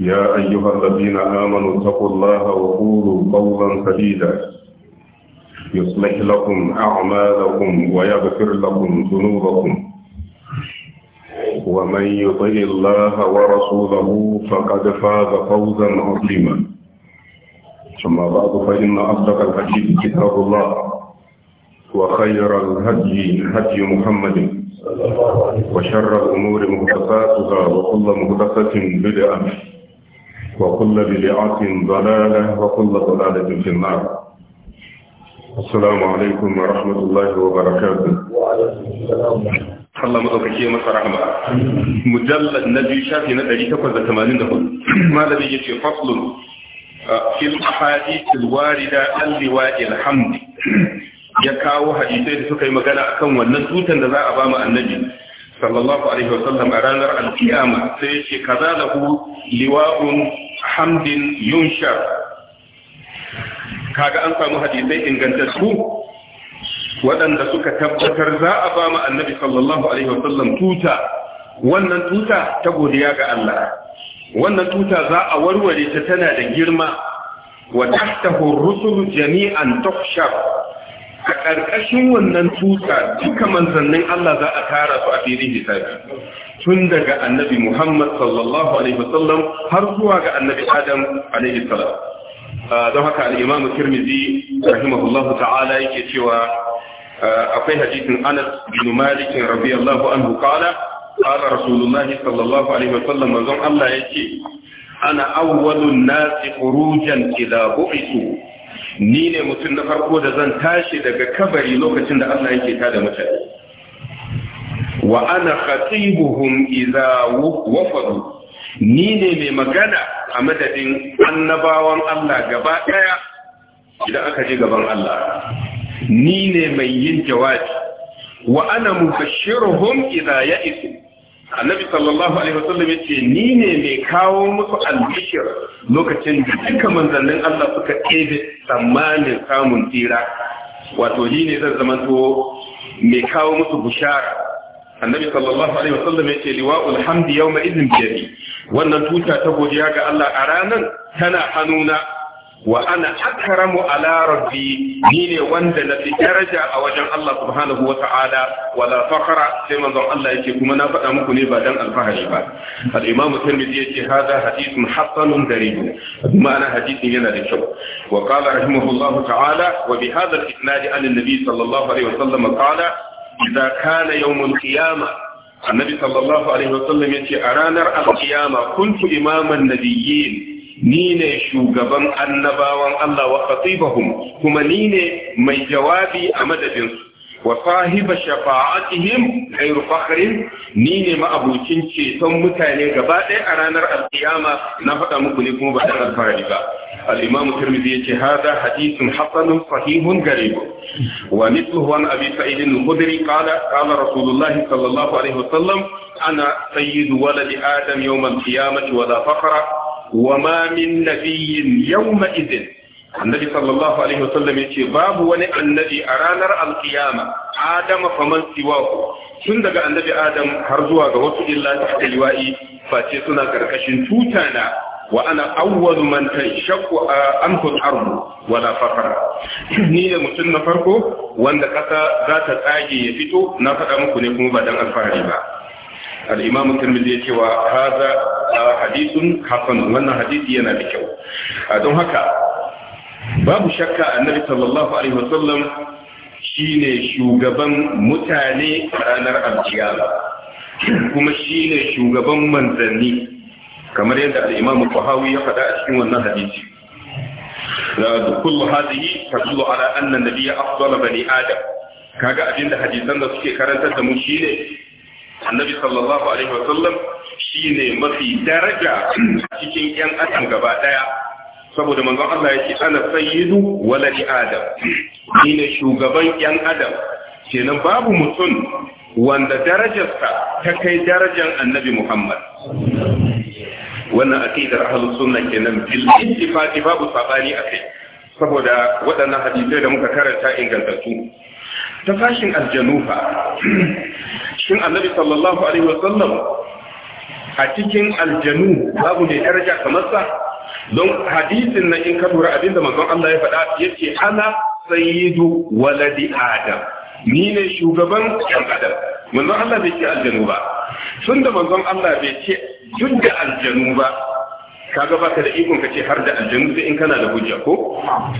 يا أيها الذين آمنوا اتقوا الله وقولوا قولا سديدا يصلح لكم أعمالكم ويغفر لكم ذنوبكم ومن يطع الله ورسوله فقد فاز فوزا عظيما ثم بعد فإن أصدق الحديث كتاب الله وخير الهدي هدي محمد وشر الأمور محدثاتها وكل محدثة بدعة وكل بدعة ضلالة وكل ضلالة في النار السلام عليكم ورحمة الله وبركاته Allah madaukake masa rahama mujallad na biyu shafi na 884 malami yace faslun fil ahadith al warida al liwa'i al hamd ya kawo hadisai da suka yi magana akan wannan tutan da za a ba mu annabi sallallahu alaihi wasallam a ranar alkiyama sai yace kaza lahu liwa'un hamdin yunshar kaga an samu hadisai ingantattu waɗanda suka tabbatar za a ba mu annabi sallallahu alaihi wasallam tuta wannan tuta ta godiya ga Allah wannan tuta za a warware ta tana da girma wa tahtahu rusulu jami'an tuhshar a ƙarƙashin wannan tuta duka manzannin Allah za a tara su a filin hisabi tun daga annabi Muhammad sallallahu alaihi wasallam har zuwa ga annabi Adam alaihi salam ah, don haka al-Imam Tirmidhi rahimahullahu ta'ala yake cewa ah, akwai hadisin Anas bin Malik radiyallahu anhu qala qala Rasulullah sallallahu alaihi wasallam manzon Allah ya ce ana awwalun nasi khurujan idza bu'itu ni ne mutum na farko da zan tashi daga kabari lokacin da Allah yake tada mutane wa ana khatibuhum idza wafadu ni ne mai magana a madadin annabawan Allah gaba daya idan aka je gaban Allah ni ne mai yin jawabi wa ana mubashshiruhum idza ya'isu annabi sallallahu alaihi wasallam yace ni ne mai kawo musu albishir lokacin da duka manzannin Allah suka ɗebe tsammanin samun tsira wato ni ne zan zama to mai kawo musu bushara annabi sallallahu alaihi wasallam ya ce liwa'ul hamdi yawma idin biyadi wannan tuta ta godiya ga Allah a ranan tana hannuna wa ana akramu ala rabbi ni ne wanda na fi daraja a wajen Allah subhanahu wa ta'ala wala fakhra sai manzon Allah yake kuma na faɗa muku ne ba dan alfahari ba al-imamu tirmidhi yake hada hadithun hasanun garib ma'ana hadithin yana da kyau wa qala rahimahullahu ta'ala wa bi hadha al-isnad an an-nabi sallallahu alaihi sallam qala idza kana yawmul qiyamah annabi sallallahu alaihi wasallam yace a ranar alqiyama kuntu imaman nabiyyin ni ne shugaban annabawan Allah wa khatibahum kuma ni ne mai jawabi a madadinsu wa sahiba shafa'atihim ghairu fakhrin ni ne ma ceton mutane gaba ɗaya a ranar alkiyama na faɗa muku ne kuma ba da alfahari ba al-imam tirmidhi yace hada hadithun hasanun sahihun gharib wa mithluhu an abi sa'id al-khudri qala qala rasulullah sallallahu alaihi sallam ana sayyidu waladi adam yawm al-qiyamati wa la fakhra wa ma min nabiyyin yawma idhin annabi sallallahu alaihi wasallam ce babu wani annabi a ranar alkiyama adama faman siwaku tun daga annabi adam har zuwa ga wasu illa ta face suna karkashin tutana na wa ana awwalu man tanshaqqu anfus ardu wala faqra ni ne mutum na farko wanda kasa za ta tsage ya fito na faɗa muku ne kuma ba dan alfahari ba al-imam tirmidhi ce wa hadha hadithun hasan wannan hadisi yana da kyau don haka babu shakka annabi sallallahu alaihi wasallam shine shugaban mutane ranar alkiyama kuma shine shugaban manzanni kamar yadda al-imamu Buhari ya faɗa a cikin wannan hadisi da kullu hadihi tadullu ala anna nabiyya afdala bani adam kaga abinda hadisan da suke karantar da mu shine annabi sallallahu alaihi wasallam shine mafi daraja cikin yan adam gaba daya saboda manzon Allah yake ana sayyidu waladi adam ni ne shugaban yan adam kenan babu mutum wanda darajarsa ta kai darajar annabi Muhammad wannan aqidar ahlus sunna kenan bil ittifaqi babu sabani akai saboda waɗannan hadisai da muka karanta ingantattu ta fashin aljanufa shin annabi sallallahu alaihi wasallam a cikin aljanu babu ne daraja kamar sa don hadisin nan in ka tura abinda manzon Allah ya faɗa yace ana sayyidu waladi adam ni ne shugaban ɗan adam manzon Allah bai ce aljanu ba Tunda manzon Allah bai ce duk da aljanu ba kaga ka da ikon ka ce har da aljanu sai in kana da hujja ko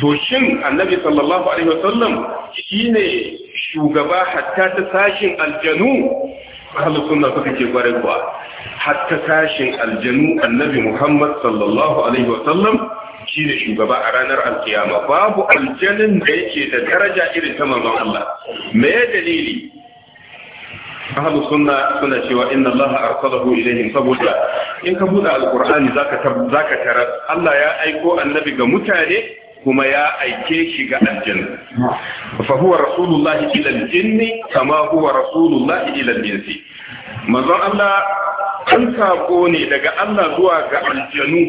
to shin annabi sallallahu alaihi wasallam shine shugaba hatta ta sashin aljanu ahlus sunna suka ce kwarai kuwa hatta kashin aljanu annabi Muhammad sallallahu alaihi wa sallam shi ne shugaba a ranar alkiyama babu aljanin da yake da daraja irin ta manzon Allah me dalili ahlus sunna suna cewa inna Allah arsalahu ilaihim saboda in ka buɗe alqur'ani zaka zaka tarar Allah ya aiko annabi ga mutane kuma ya aike shi ga aljanna fa huwa rasulullahi ila aljinni kama huwa rasulullahi ila alinsi manzon Allah dan sako ne daga Allah zuwa ga aljanu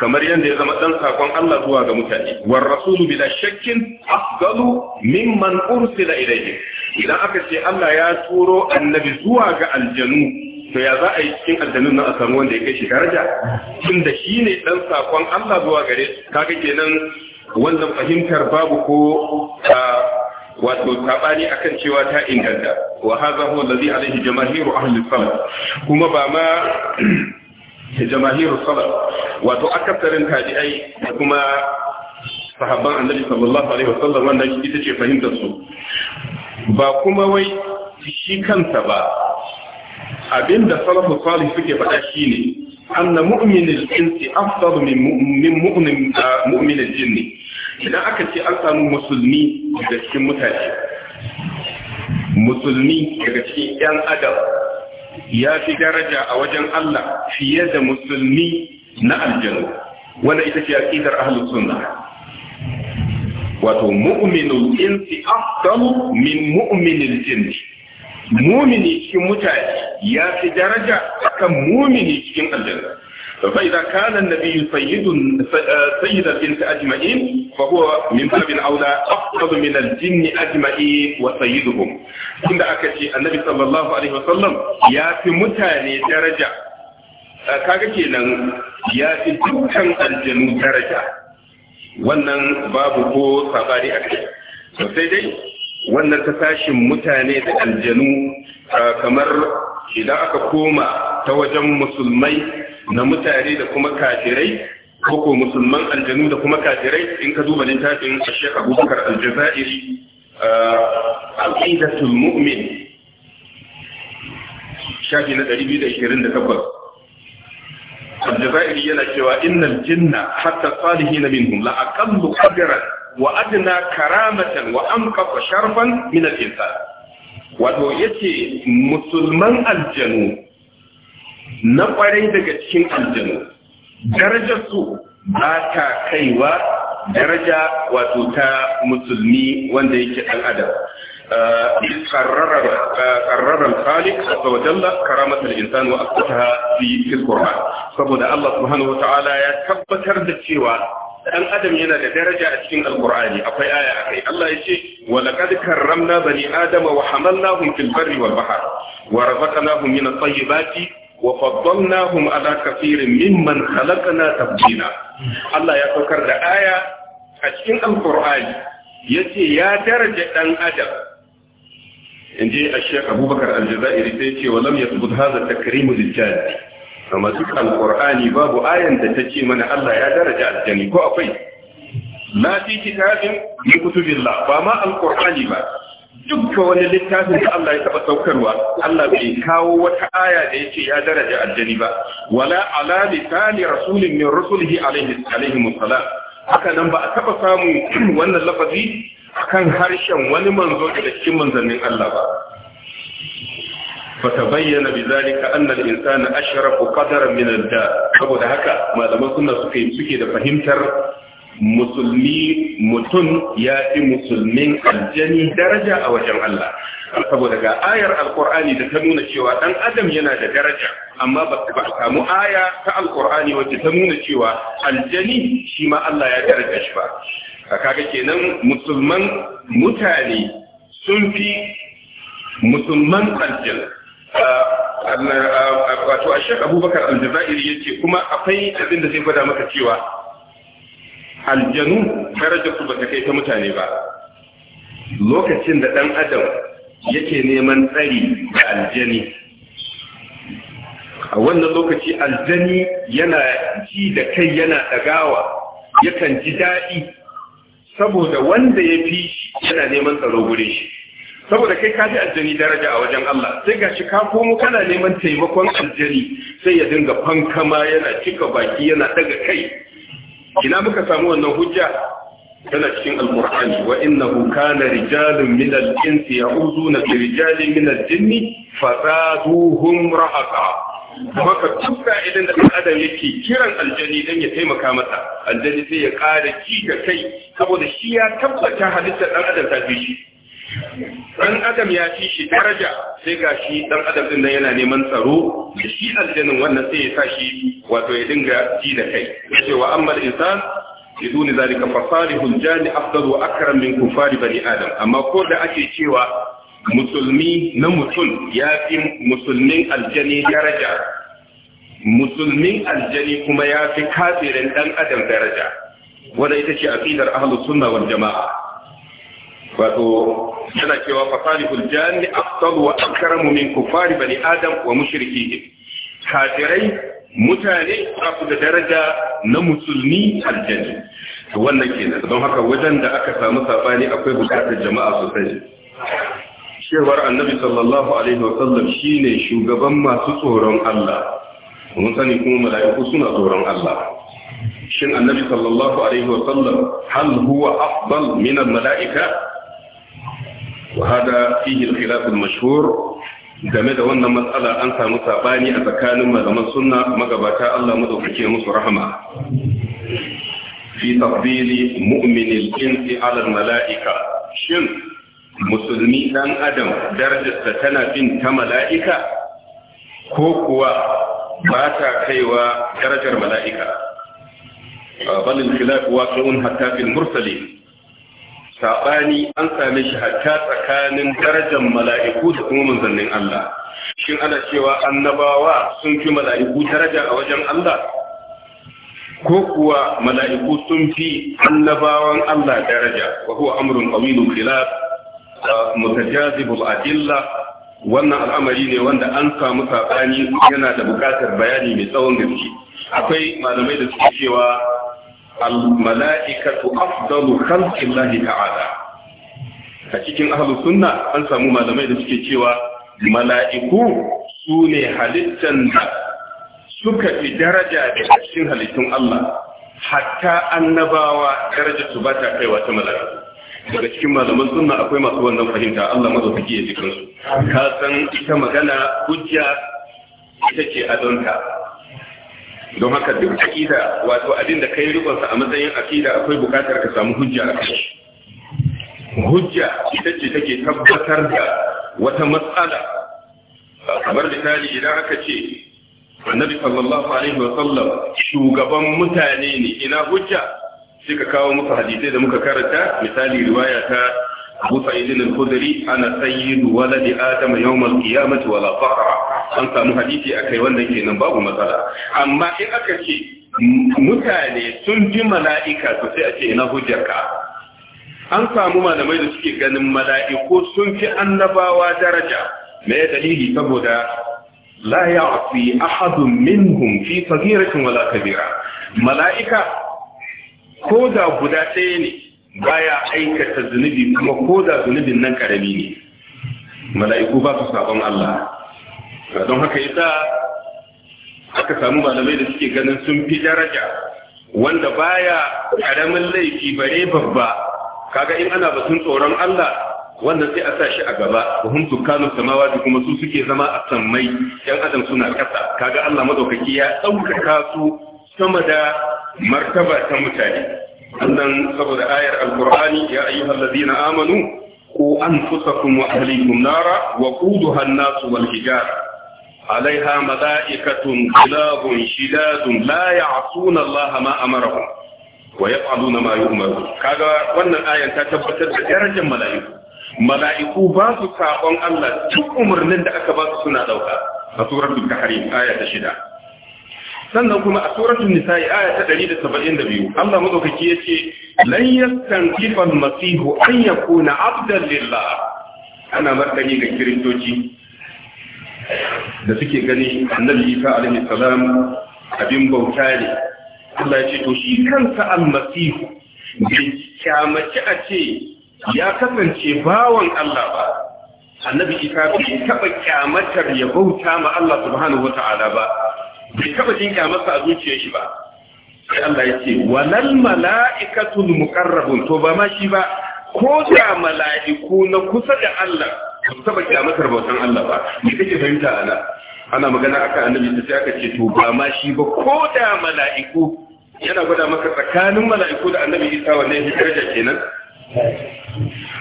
kamar yadda ya zama dan sakon Allah zuwa ga mutane war rasulu bila shakkin afdalu mimman ursila ilayhi idan aka ce Allah ya turo annabi zuwa ga aljanu to ya za a yi cikin aljanun nan a samu wanda ya kai shi daraja tun da shi ne dan sakon Allah zuwa gare su kaga kenan wannan fahimtar babu ko wato sabani akan cewa ta inganta wa hadha huwa alladhi alayhi jamaahiru ahli salaf kuma ba ma jamaahiru salaf wato akasarin tabi'ai da kuma sahabban annabi sallallahu alaihi wasallam wannan ita ce fahimtar su ba kuma wai shi kansa ba abinda salafu salih suke faɗa shine anna mu'minul insi afdalu min mu'min mu'min jinni idan aka ce an samu musulmi daga cikin mutane musulmi daga cikin 'yan adam ya fi daraja a wajen Allah fiye da musulmi na aljanu wanda ita ce aqidar ahlus sunna wato mu'minul insi afdalu min mu'minil jinni mumini cikin mutane ya fi daraja akan mumini cikin aljanna فإذا كان النبي سيد سيد الإنس أجمعين فهو من باب أولى أفضل من الجن أجمعين وسيدهم عند أكشي النبي صلى الله عليه وسلم يا في متاني درجة kaga kenan ya fi dukkan aljanu daraja wannan babu ko sabari a kai sai dai wannan ta tashin mutane da aljanu kamar idan aka koma ta wajen musulmai na mutane da kuma kafirai ko musulman aljanu da kuma kafirai in ka duba littafin Sheikh Abubakar Al-Jazairi uh, Aqidatul Mu'min shafi na 228 Al-Jazairi yana cewa innal jinna hatta salihin minhum la aqallu qadran wa adna karamatan wa amqa sharfan min al-insan wato yace musulman aljanu na kwarai daga cikin aljanu darajarsu su ba ta kaiwa daraja wato ta musulmi wanda yake ɗan adam قرر الخالق عز وجل كرامة wa وأثبتها في القرآن saboda Allah subhanahu ta'ala ya tabbatar da cewa ɗan adam yana da daraja a cikin alkur'ani akwai aya akai Allah ce wa laqad karramna bani adama wa hamalnahum fil barri wal bahr wa razaqnahum min at-tayyibati wa faddalnahum ala kafirin mimman khalaqna tabdila Allah ya saukar da aya a cikin alqur'ani yace ya daraja dan adam inji Sheikh Abubakar Al-Jazairi sai ce wa lam yathbut hadha takrimu lijadi amma duk babu ayan da tace mani Allah ya daraja aljani ko akwai la kafin kitabin min kutubillah ba ma alqur'ani ba dukkan wani littafin da Allah ya taɓa saukarwa Allah bai kawo wata aya da yake ya daraja aljani ba wala ala lisani rasulin min rusulihi alaihi alaihi haka nan ba a taɓa samu wannan lafazi kan harshen wani manzo da cikin manzannin Allah ba فتبين بذلك أن الإنسان أشرف قدرا من الداء saboda haka malaman suna suke suke da fahimtar musulmi mutum ya fi musulmin aljani daraja a wajen Allah saboda ga ayar alkur'ani da ta nuna cewa dan adam yana da daraja amma ba ta samu aya ta alkur'ani wacce ta nuna cewa aljani shi ma Allah ya daraja shi ba kaga kenan musulman mutane sun fi musulman aljani. wato a shek abubakar aljazairi ya ce kuma akwai abin da zai gwada maka cewa aljanu darajar su ba ta kai ta mutane ba lokacin da ɗan adam yake neman tsari da aljani a wannan lokaci aljani yana ji da kai yana ɗagawa, yakan ji daɗi saboda wanda ya fi yana neman tsaro gure shi saboda kai ka ji aljani daraja a wajen Allah sai ga shi ka komo kana neman taimakon aljani sai ya dinga fankama yana cika baki yana daga kai ina muka samu wannan hujja tana cikin alqur'ani wa innahu kana rijalun min al-insi ya'uzuna bi rijalin min al-jinni fazaduhum rahaqa maka duk idan da ɗan adam yake kiran aljani dan ya taimaka masa aljani sai ya ƙara ji ga kai saboda shi ya tabbata halitta ɗan adam ta fi shi dan adam ya fi shi daraja sai ga shi ɗan adam ɗin nan yana neman tsaro da shi aljanin wannan sai ya sa shi wato ya dinga ji da kai yace wa amma insan biduni zalika fa hujja jani afdalu akram min kufari bani adam amma ko da ake cewa musulmi na mutum ya fi musulmin aljani daraja musulmin aljani kuma ya fi kafirin ɗan adam daraja wanda ita ce aqidar ahlus sunna wal jama'a wato yana cewa fasalihul Jami, afdalu wa akramu min kufari bani adam wa mushrikihim kafirai mutane su da daraja na musulmi aljanni wannan kenan don haka wajen da aka samu sabani akwai bukatar jama'a sosai Shewar annabi sallallahu alaihi wa sallam shine shugaban masu tsoron Allah mun sani kuma mala'iku suna tsoron Allah shin annabi sallallahu alaihi wa sallam hal huwa afdal min al mala'ika وهذا فيه الخلاف المشهور game da wannan matsala an samu sabani a tsakanin malaman sunna magabata Allah madaukake musu rahama fi tafdili mu'minil insi ala malaika shin musulmi dan adam darajarsa tana bin ta mala'ika ko kuwa ba ta kaiwa darajar mala'ika balil khilaf waqi'un hatta fil mursalin saɓani an same shi hatta tsakanin darajar mala'iku da kuma manzannin Allah shin ana cewa annabawa sun fi mala'iku daraja a wajen Allah ko kuwa mala'iku sun fi annabawan Allah daraja wa huwa amrun qawilun khilaf mutajazibul adilla wannan al'amari ne wanda an samu saɓani yana da bukatar bayani mai tsawon gaske akwai malamai da suke cewa al-mala'ikatu afdalu khalqillahi ta'ala a cikin ahlus sunna an samu malamai da suke cewa mala'iku sune ne halittan da suka fi daraja da cikin halittun Allah hatta annabawa daraja su ba ta kaiwa ta mala'iku daga cikin malaman sunna akwai masu wannan fahimta Allah madaukaki ya ji kansu ka san ita magana hujja ita ce adonta don haka duk akida wato abin da kai rikonsa a matsayin akida akwai bukatar ka samu hujja a kai hujja ita ce take tabbatar da wata matsala kamar misali idan aka ce annabi sallallahu alaihi wa sallam shugaban mutane ne ina hujja sai ka kawo muku hadisi da muka karanta misali riwaya ta abu sa'idin al-khudri ana sayyidu waladi adama yawmal qiyamati wala fakhra an samu hadisi akai wannan kenan babu matsala amma in aka ce mutane sun ji mala'ika to sai a ce ina hujjarka an samu malamai da suke ganin mala'iku sun fi annabawa daraja me dalili saboda la ya'fi ahadun minhum fi saghiratin wala kabira mala'ika ko da guda ɗaya ne baya aikata zunubi kuma ko da zunubin nan karami ne mala'iku ba su sabon Allah don haka yasa aka samu malamai da suke ganin sun fi daraja wanda baya karamin laifi bare babba kaga in ana batun tsoron Allah wanda sai a sa shi a gaba wa hum tukanu da kuma su suke zama a sammai yan adam suna kasa kaga Allah madaukaki ya ɗaukaka su sama da martaba ta mutane annan saboda ayar alqur'ani ya ayyuhallazina amanu qu anfusakum wa ahlikum nara wa quduha an-nasu wal hijara alaiha malaikatun qilabun shidadun la ya'suna allaha ma amaruhum wa yaf'aluna ma yu'maru kaga wannan ayar ta tabbatar da darajar mala'iku mala'iku ba su sabon Allah duk umarnin da aka ba su suna ɗauka. a surar Al-Kahf ayar 6 sannan kuma a suratul nisa'i aya ta 172 Allah madaukaki yace lan yastanqifa al-masihu an yakuna abdan lillah ana martani ga kiristoci da suke gani annabi Isa alaihi salam abin bauta ne Allah ya to shi kansa al-masihu bai kyamaci a ce ya kasance bawan Allah ba annabi Isa bai taba kyamatar ya bauta ma Allah subhanahu wata'ala ba bai taba jin masa a zuciyar shi ba sai Allah ya ce walal mala'ikatu muqarrabun to ba ma shi ba ko da mala'iku na kusa da Allah ba su taba kyamatar bautan Allah ba me kake fahimta ana ana magana akan annabi sai aka ce to ba ma shi ba ko da mala'iku yana gwada maka tsakanin mala'iku da annabi Isa wannan daraja kenan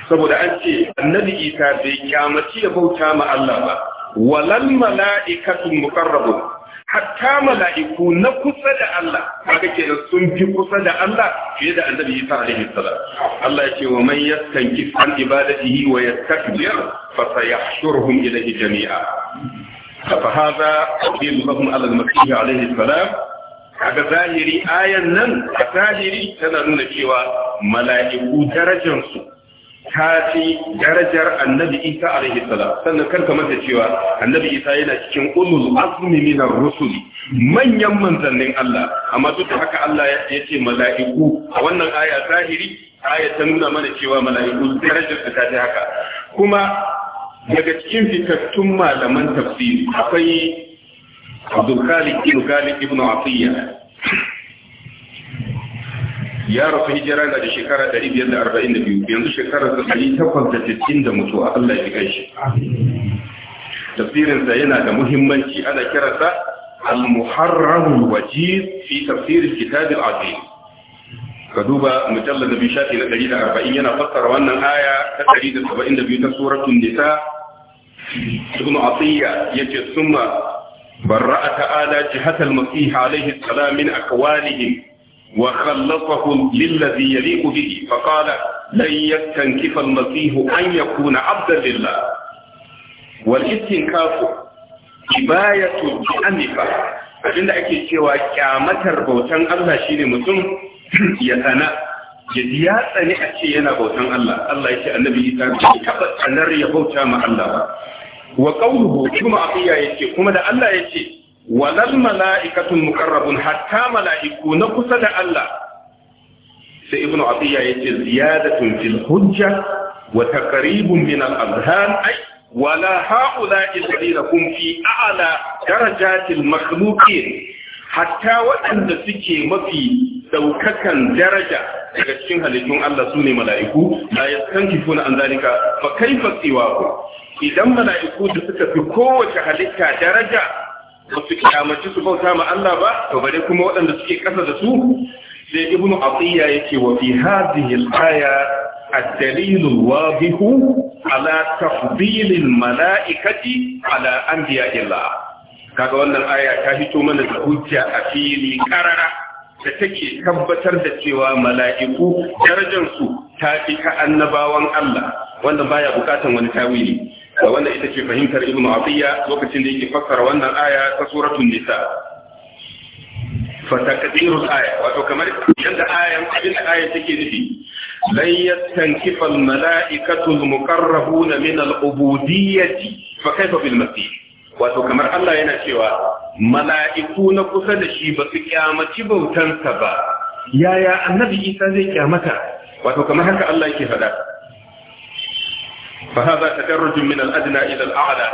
saboda an ce annabi Isa bai kyamaci ya bauta ma Allah ba walal mala'ikatu muqarrabun hatta mala'iku na kusa da Allah kaga ke sun fi kusa da Allah fiye da annabi Isa alaihi salam Allah ya ce wa man yastanki an ibadatihi wa yastakbir fa sayahshuruhum ilayhi jami'a fa hadha qawluhum al-masih alaihi salam kaga zahiri ayan nan zahiri tana nuna cewa mala'iku darajar su ta darajar annabi isa alaihi salam sannan karka mata cewa annabi isa yana cikin ulul azmi min manyan manzannin Allah amma duk da haka Allah ya ce mala'iku a wannan aya zahiri aya ta nuna mana cewa mala'iku darajar ta ta haka kuma daga cikin fitattun malaman tafsiri akwai Abdul Khaliq ibn afiyya ya rufe hijira na da shekara 542 yanzu shekarar 860 da mutuwa Allah ya kai shi tafsirinsa yana da muhimmanci ana kiransa al-muharrarul wajiz fi tafsir kitab al-azim ka duba mujallad bi shafi na 140 yana fassara wannan aya ta 172 ta suratul nisa ibn atiya yace summa barra'a ta'ala jihatal masih alayhi salam min aqwalihim وخلصهم للذي يليق به فقال لن يستنكف المسيح أن يكون عبدا لله والاستنكاف كباية بأنفة abinda ake cewa kyamatar bautan Allah shine mutum ya tsana ya ya tsani a ce yana bautan Allah Allah ya ce annabi Isa bai taba tsanar ya bauta ma Allah ba wa qawluhu kuma abiya kuma da Allah yace Walan mala'ikatun mukarrabun hatta mala'iku na kusa da Allah sai ibnu ya yace ziyadatun fil hujja wa taqribun min al azhan ay wala haula alladhina hum fi a'la darajatil makhluqin hatta waɗanda suke mafi daukakan daraja daga cikin halittun Allah sune mala'iku la yastankifu na an zalika fa kaifa siwa idan mala'iku da suka fi kowace halitta daraja ba su kyamaci su bauta ma Allah ba to bare kuma waɗanda suke ƙasa da su sai ibnu atiya yake wa fi hadhihi al-aya الدليل الواضح على تفضيل الملائكة an biya illa. kaga wannan aya ta hito mana da hujja a fili karara da take tabbatar da cewa mala'iku darajar su ta fi ka annabawan Allah wanda baya bukatan wani tawili wannan ita ce fahimtar ibn Atiyya lokacin da yake fassara wannan aya ta suratul nisa fa taqdirul aya wato kamar yanda ayan abin da ayan take nufi lan yastankifa al mala'ikatu al muqarrabuna min al ubudiyyati fa kayfa bil masih wato kamar Allah yana cewa mala'iku na kusa da shi ba su kyamaci bautansa ba yaya annabi Isa zai kyamata wato kamar haka Allah yake faɗa fa hadha tadarrujun min al-adna ila al-a'la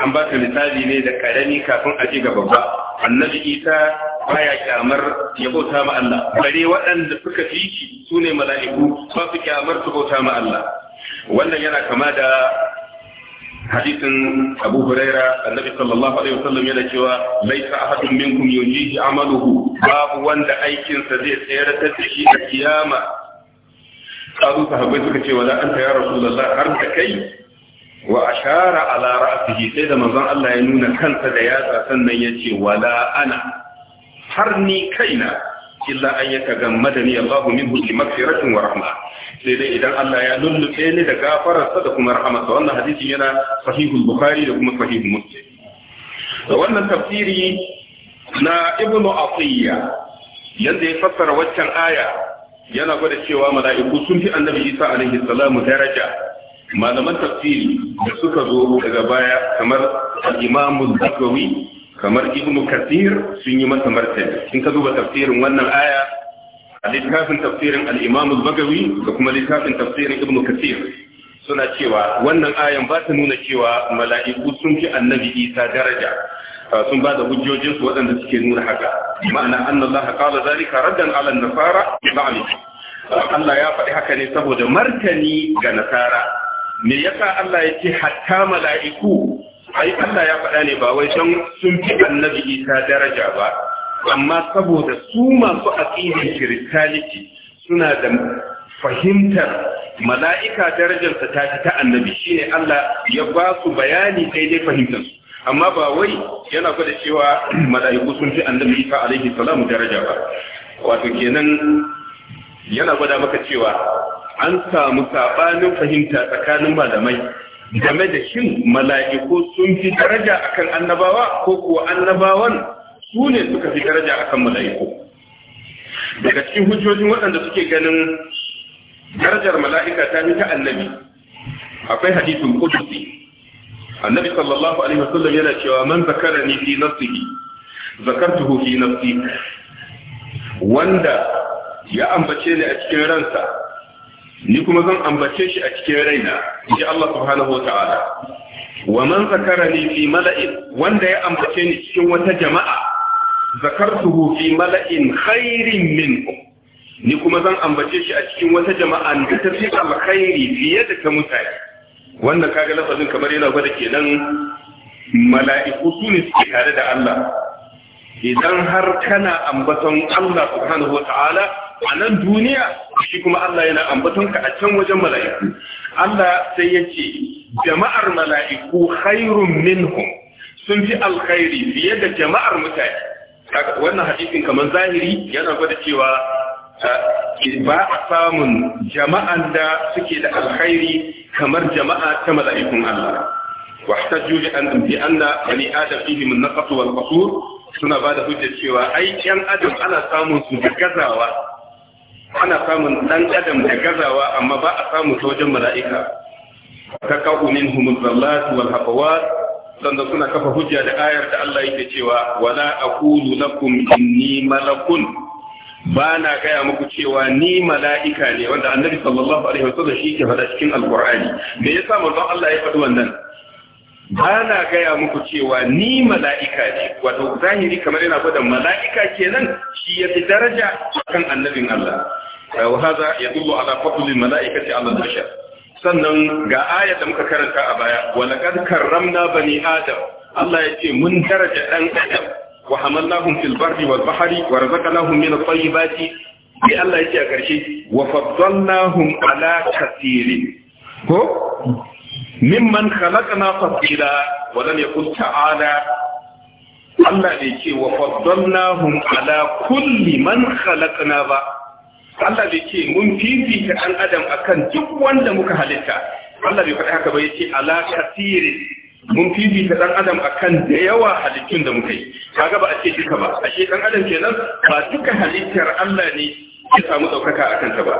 an ba ta misali ne da karami kafin a ji ga babba annabi isa baya kyamar ya bauta Allah bare waɗanda suka fi shi su ne ba su kyamar su Allah wannan yana kama da hadisin Abu Huraira annabi sallallahu alaihi wasallam yana cewa laisa ahadun minkum yunjihi amaluhu babu wanda aikinsa zai tsayar da shi a kiyama sabu sahabbai suka ce wala anta ya rasulullah har da kai wa ashara a ra'sihi sai da manzan Allah ya nuna kansa da yatsa sannan ya ce wala ana har ni kaina illa an yatagammadani Allah minhu li maghfiratin wa rahma sai dai idan Allah ya lullube ni da gafararsa da kuma rahamarsa wannan hadisi yana sahihul bukhari da kuma sahihul muslim da wannan tafsiri na ibnu atiyya yanda ya fassara waccan aya yana gwada cewa mala'iku sun fi annabi isa alaihi salam daraja malaman tafsiri da suka zo daga baya kamar al-imam zakawi kamar ibn kathir sun yi masa martani in ka duba tafsirin wannan aya a littafin tafsirin al-imam zakawi da kuma littafin tafsirin ibn kathir suna cewa wannan ayan ba ta nuna cewa mala'iku sun fi annabi isa daraja sun ba da hujjojinsu waɗanda suke nuna haka ma'ana annallaha Allah qala zalika raddan ala an-nasara bi Allah ya faɗi haka ne saboda martani ga nasara me yasa Allah yake hatta mala'iku ai Allah ya faɗa ne ba wai don sun fi annabi Isa daraja ba amma saboda su masu aqidar Christianity suna da fahimtar mala'ika darajarsa ta ta annabi shine Allah ya ba su bayani daidai fahimtar su amma ba wai yana gwada cewa mala'iku sun fi annabi isa alaihi salamu daraja ba wato kenan yana gwada maka cewa an samu sabanin fahimta tsakanin malamai game da shin mala'iku sun fi daraja akan annabawa ko kuwa annabawan su ne suka fi daraja akan mala'iku daga cikin hujjojin waɗanda suke ganin darajar mala'ika ta fi ta annabi akwai hadisin kudusi annabi sallallahu alaihi wasallam yana cewa man zakarani fi nafsihi zakartuhu fi nafsi wanda ya ambace ni a cikin ransa ni kuma zan ambace shi a cikin raina ji Allah subhanahu wataala wa man zakarani fi mala'in wanda ya ambace ni cikin wata jama'a zakartuhu fi mala'in khairin min. ni kuma zan ambace shi a cikin wata jama'a da ta fi alkhairi fiye da ta mutane wannan kaga lafazin kamar yana gwada kenan mala'iku su ne suke tare da Allah idan har kana ambaton Allah subhanahu wata'ala a nan duniya shi kuma Allah yana ambaton ka a can wajen mala'iku Allah sai ya ce jama'ar mala'iku khairun minhum sun fi alkhairi fiye da jama'ar mutane wannan hadisin kamar zahiri yana gwada cewa eh, ba a samun jama'an da suke da alkhairi kamar jama'a ta mala'ikun Allah واحتجوا لأن بأن بني آدم فيهم النقص والقصور suna ba da hujjar cewa ai ƴan adam ana samun su da gazawa ana samun ɗan adam da gazawa amma ba a samun ta wajen mala'ika ta kawo min humul zallat wal hafawat sannan suna kafa hujja da ayar da Allah yake cewa wala aqulu lakum inni malakun ba na gaya muku cewa ni mala'ika ne wanda annabi sallallahu alaihi wasallam shi ke faɗa cikin alƙur'ani, me yasa manzon Allah ya faɗi wannan ba na gaya muku cewa ni mala'ika ne wato zahiri kamar yana gwada mala'ika kenan shi ya fi daraja kan annabin Allah wa ya yadullu ala fadlil mala'ikati ala al-bashar sannan ga ayat da muka karanta a baya wa laqad ramna bani adam Allah ya ce mun daraja ɗan adam wa hamallahum fil barri wal bahri wa min at-tayyibati sai Allah yake a ƙarshe wa faddalnahum ala kathirin ko mimman khalaqna fadila wa lam yaqul ta'ala Allah wa ala kulli man ba Allah bai ce mun fifita ɗan adam akan duk wanda muka halitta Allah bai faɗi haka ba yace ala kasiri. mun fifita ɗan adam akan da yawa halittun da muka yi kaga ba a ce duka ba a ce dan adam kenan ba duka halittar Allah ne ya samu ɗaukaka a kanta ba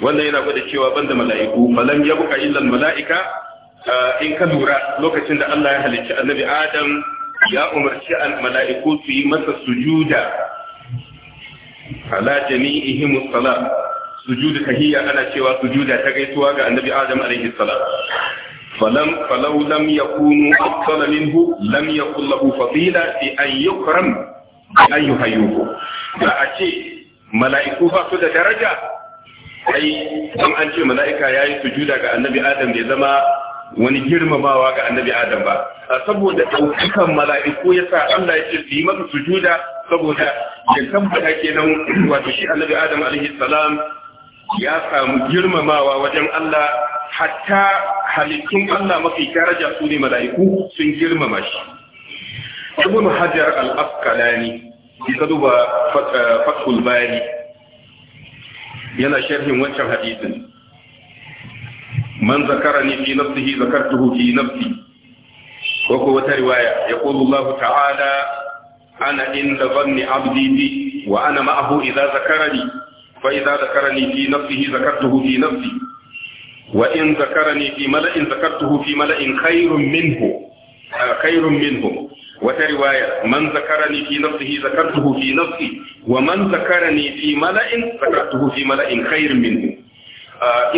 wannan yana gwada cewa banda mala'iku malam yabqa illan mala'ika eh, in ka lura lokacin da Allah ya halicci annabi Adam ya umarci mala'iku su yi masa sujuda ala jami'ihim salat sujudu tahiyya ana cewa sujuda ta gaisuwa ga annabi Adam alaihi salam فلم فلو لم يكونوا أفضل منه لم يكن له فضيلة بأن يكرم بأن يهيوه فأتي ملائكة فاسدة درجة أي أم أنت ملائكة يا سجودة النبي آدم لزما wani girmamawa ga annabi Adam ba saboda ɗaukakan mala'iku ya sa Allah ya ce su yi masa sujuda saboda ya tabbata kenan wato shi annabi Adam alaihi salam ya samu girmamawa wajen Allah hatta halittun Allah mafi daraja su ne mala'iku sun girmama shi ibn hajar al-asqalani ka duba eh, fathul bari yana sharhin wancan hadisin man ne fi nafsihi zakartuhu fi nafsi ko ko wata riwaya ya yaqulu Allah ta'ala ana inda zanni abdi bi wa ana ma'ahu idza ne. fa idza zakarani fi nafsihi zakartuhu fi nafsi wa in zakarani fi mala'in zakartuhu fi mala'in khairun minhu khairun minhu wata riwaya man zakarani fi nafsihi zakartuhu fi nafsi wa man zakarani fi mala'in zakartuhu fi mala'in khairun minhu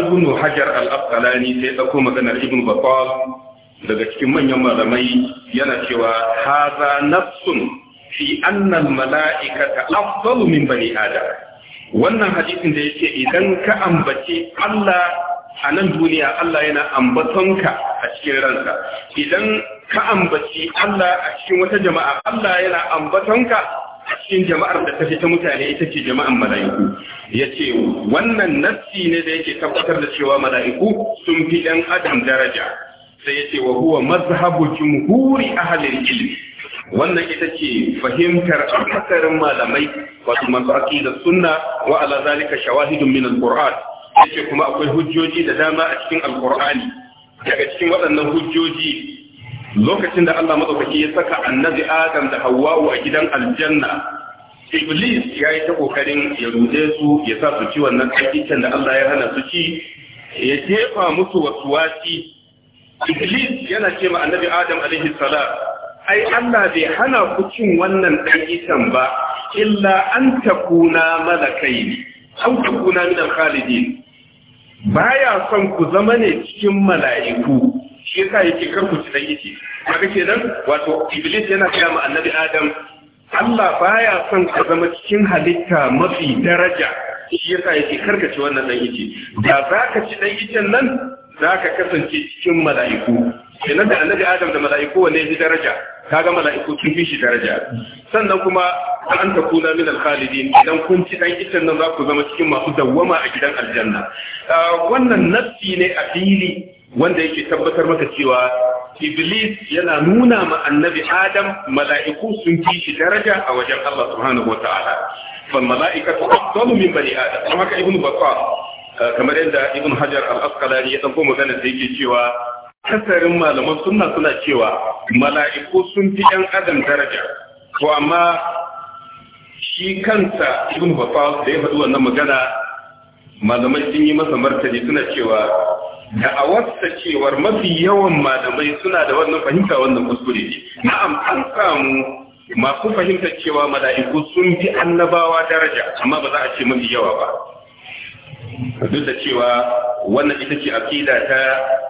ibn hajar al-asqalani sai dauko maganar Ibin battal daga cikin manyan malamai yana cewa haza nafsun fi annan malaikata afdalu min bani adam wannan hadisin da yake idan ka ambace Allah a nan duniya Allah yana ambatonka a cikin ransa idan ka ambaci Allah a cikin wata jama'a Allah yana ambatonka a cikin jama'ar da ta ta mutane ita ce jama'an mala'iku ce wannan nassi ne da yake tabbatar da cewa mala'iku sun fi dan adam daraja sai yace wa huwa mazhabu jumhuri ahalin ilmi wannan ita ce fahimtar akasarin malamai wato masu da sunna wa ala zalika shawahidun min alquran yace kuma akwai hujjoji da dama a cikin alqur'ani daga cikin waɗannan hujjoji lokacin da Allah madaukaki ya saka annabi Adam da Hawwa a gidan aljanna Iblis ya yi ta kokarin ya rude su ya sa su ci wannan aikin da Allah ya hana su ci ya jefa musu wasu wasi Iblis yana ce ma annabi Adam alaihi salam ai Allah bai hana ku cin wannan ɗan itan ba illa an takuna malakai an takuna min al-khalidin baya son ku zama ne cikin mala'iku shi yasa yake kar ku ci dan ice ke nan, wato iblis yana kira ma annabi adam Allah baya son ka zama cikin halitta mafi daraja shi yasa yake ci wannan dan ice da zaka ci dan icen nan za ka kasance cikin mala'iku kenan da annabi adam da mala'iku wanne shi daraja ga mala'iku sun fi shi daraja sannan kuma an ta kuna min al idan kun ci dan itan nan za ku zama cikin masu dawwama a gidan aljanna wannan nassi ne a fili wanda yake tabbatar maka cewa iblis yana nuna ma annabi adam mala'iku sun fi shi daraja a wajen Allah subhanahu wa ta'ala fa mala'ikatu afdalu min bani adam kuma ka ibnu battal kamar yadda ibn hajar al-asqalani ya dauko magana da yake cewa kasarin malaman sunna suna cewa mala'iku sun fi yan adam daraja to amma shi kansa ibn batal da ya faɗi wannan magana malamai sun yi masa martani suna cewa da da'awarsa cewar mafi yawan malamai suna da wannan fahimta wannan kuskure ne na'am an samu masu fahimtar cewa mala'iku sun fi annabawa daraja amma ba za a ce mafi yawa ba duk da cewa wannan ita ce akida ta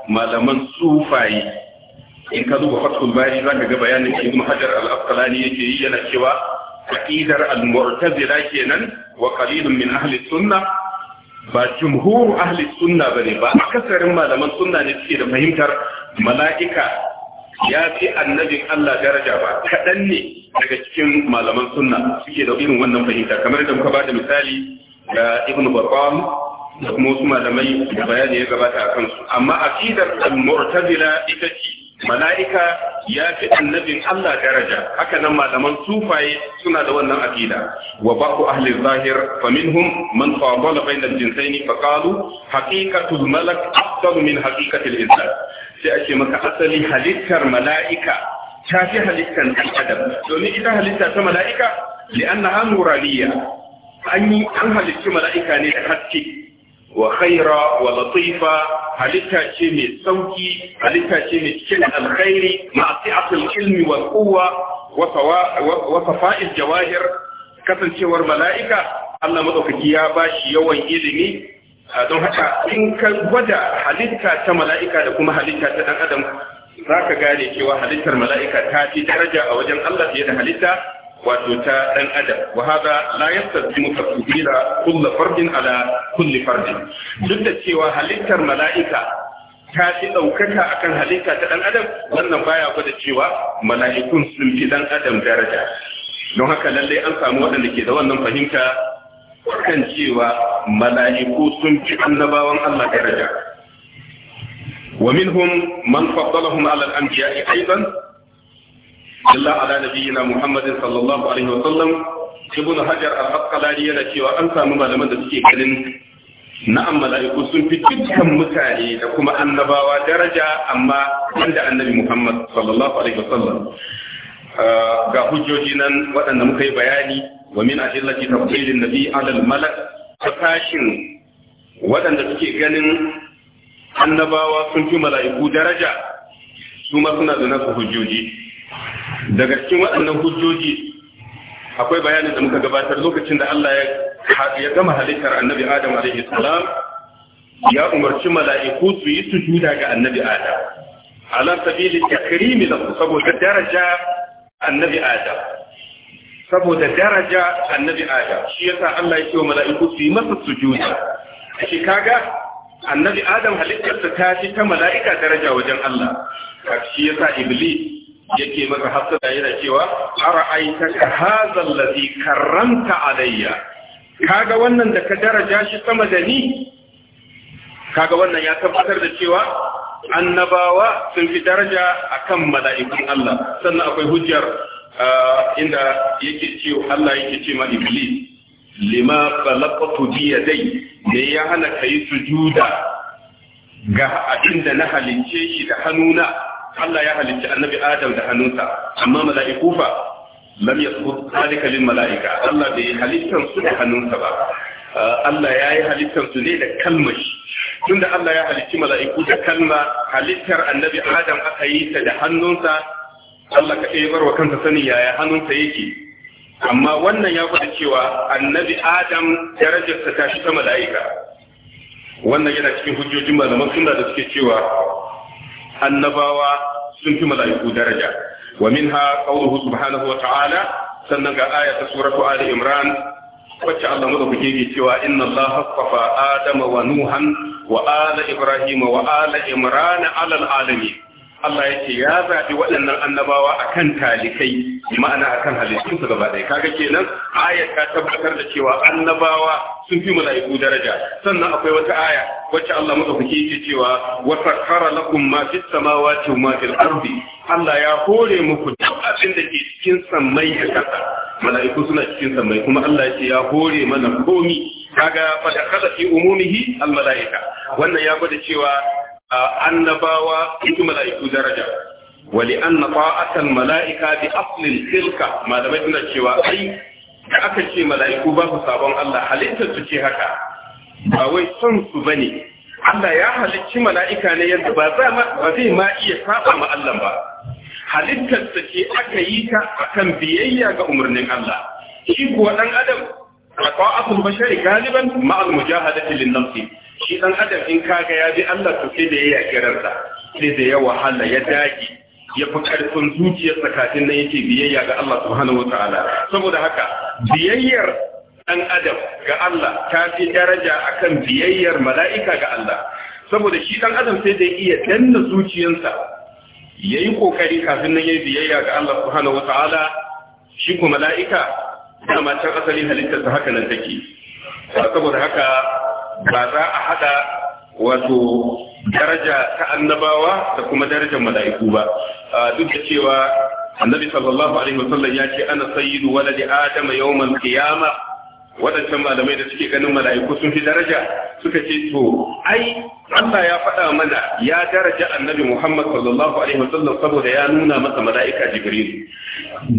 malaman sufayi in ka duba fathul bari za ka ga bayanin ibn hajar al-asqalani yake yi yana cewa aqidar al-mu'tazila kenan wa qalilun min ahli sunna ba jumhur ahli sunna bane ba akasarin malaman sunna ne suke da fahimtar mala'ika ya fi annabin Allah daraja ba kaɗan ne daga cikin malaman sunna suke da irin wannan fahimta kamar da muka ba da misali ga ibn Babbam da kuma wasu malamai da bayani ya gabata a kansu amma aqidar al-mu'tazila ita ce mala'ika ya fi annabin Allah daraja haka nan malaman sufaye suna da wannan aqida wa ba'u ahli zahir fa minhum man fadala bayna al-jinsayn fa qalu haqiqatu al-malak afdal min haqiqati al-insan sai ake maka asali halittar mala'ika ta fi halittar adam domin ita halitta ta mala'ika li'annaha nuraniyya an yi an halicci mala'ika ne da haske wa khaira wa latifa halitta ce mai sauki halitta ce mai cikin alkhairi ma'asi'atul ilmi wal quwwa wa safa'il jawahir kasancewar mala'ika Allah madaukaki ya bashi yawan ilimi don haka in ka gwada halitta ta mala'ika da kuma halitta ta dan adam za ka gane cewa halittar mala'ika ta fi daraja a wajen Allah fiye da halitta wato ta ɗan adam wa hada la yastazimu tafsira kull fardin ala kulli fardin duk da cewa halittar mala'ika ta fi ɗaukaka akan halitta ta ɗan adam wannan baya gwada cewa mala'ikun sun fi dan adam daraja don haka lallai an samu waɗanda ke da wannan fahimta kan cewa mala'iku sun fi annabawan Allah daraja wa minhum man faddalahum ala al-anbiya'i illa ala nabiyina muhammadin sallallahu alaihi wasallam ibn hajar al-asqalani yana cewa an samu malaman da suke ganin na'am mala'iku sun fi dukkan mutane da kuma annabawa daraja amma inda annabi muhammad sallallahu alaihi wasallam ah, ga hujjoji nan waɗanda muka yi bayani wa min ajillati tafsirin nabi alal malak tashin waɗanda suke ganin annabawa sun fi mala'iku daraja su ma suna da nasu hujjoji daga cikin waɗannan hujjoji akwai bayanin da muka gabatar lokacin da Allah ya gama halittar annabi Adam alaihi salam ya umarci mala'iku su yi sujuda ga annabi Adam ala sabili takrimi da saboda daraja annabi Adam saboda daraja annabi Adam shi yasa Allah ya ce wa mala'iku su yi masa sujuda shi kaga annabi Adam halittarsa ta fi ta mala'ika daraja wajen Allah shi yasa Iblis yake maka da yana cewa ara'aita ka hadha allazi karramta alayya kaga wannan da ka daraja shi sama da ni kaga wannan ya tabbatar da cewa annabawa sun fi daraja akan mala'ikun Allah sannan akwai hujjar ah, inda yake ce Allah yake ce ma iblis lima khalaqtu biya yadai ne ya hana kai sujuda ga abinda na halince shi da hannuna Allah ya halicci annabi Adam da hannunsa amma mala'iku fa lam yasbut zalika lil mala'ika Allah bai halittan su da hannunsa ba uh, Allah ya yi halittar su ne da kalmar shi tunda Allah ya halicci mala'iku da kalma halittar annabi Adam aka yi ta da hannunsa Allah ka ɗaya wa kansa sanin yaya hannunsa yake amma wannan ya faɗi cewa annabi Adam darajarsa ta shi ta mala'ika wannan yana cikin hujjojin malaman sunna da suke cewa annabawa sun fi mala'iku daraja wa minha qawluhu subhanahu wa ta'ala sannan ga aya ta suratu ali imran wacce Allah madaukake yake cewa inna Allah haffafa adama wa nuhan wa ala ibrahima wa ala imran ala alamin Allah ya ce ya zaɓi waɗannan annabawa a kan talikai ma'ana a kan halittunsu gaba ɗaya kaga kenan ayar ta tabbatar da cewa annabawa sun fi mala'iku daraja sannan akwai wata aya wacce Allah madaukake yake cewa wa sakhara lakum ma fis samawati wa ma fil ardi Allah ya hore muku duk abin da ke cikin sammai da ƙasa mala'iku suna cikin sammai kuma Allah ya ce ya hore mana komi kaga fa da kada fi umumihi al mala'ika wannan ya gwada cewa annabawa su mala'iku daraja wa li anna mala'ika bi aslin tilka malamai suna cewa ai da aka ce mala'iku ba su sabon Allah halittar su ce haka ba wai son su bane Allah ya halicci mala'ika ne yadda ba ma zai ma iya saba ma Allah ba halittar sa ce aka yi ta akan biyayya ga umarnin Allah shi kuwa dan adam a ta'atul bashari galiban ma'al mujahadati lin nafsi shi ɗan adam in kaga ya bi Allah to sai da ya yaki ransa sai da ya wahala ya dage ya fi karfin zuciyar tsakatin nan yake biyayya ga Allah subhanahu wataala saboda haka biyayyar dan adam ga Allah ta fi daraja akan biyayyar mala'ika ga Allah saboda shi dan adam sai da ya iya danna zuciyarsa yayi kokari kafin nan yayi biyayya ga Allah subhanahu wataala shi ko mala'ika dama can asali halittarsa haka nan take saboda haka ba za a haɗa wato daraja ta annabawa da kuma darajar mala'iku ba duk da cewa annabi sallallahu alaihi wasallam ya ce ana sayyidu waladi adama yawmal qiyama wadannan malamai da suke ganin mala'iku sun fi daraja suka ce to ai Allah ya faɗa mana ya daraja annabi Muhammad sallallahu alaihi wasallam saboda ya nuna masa mala'ika Jibril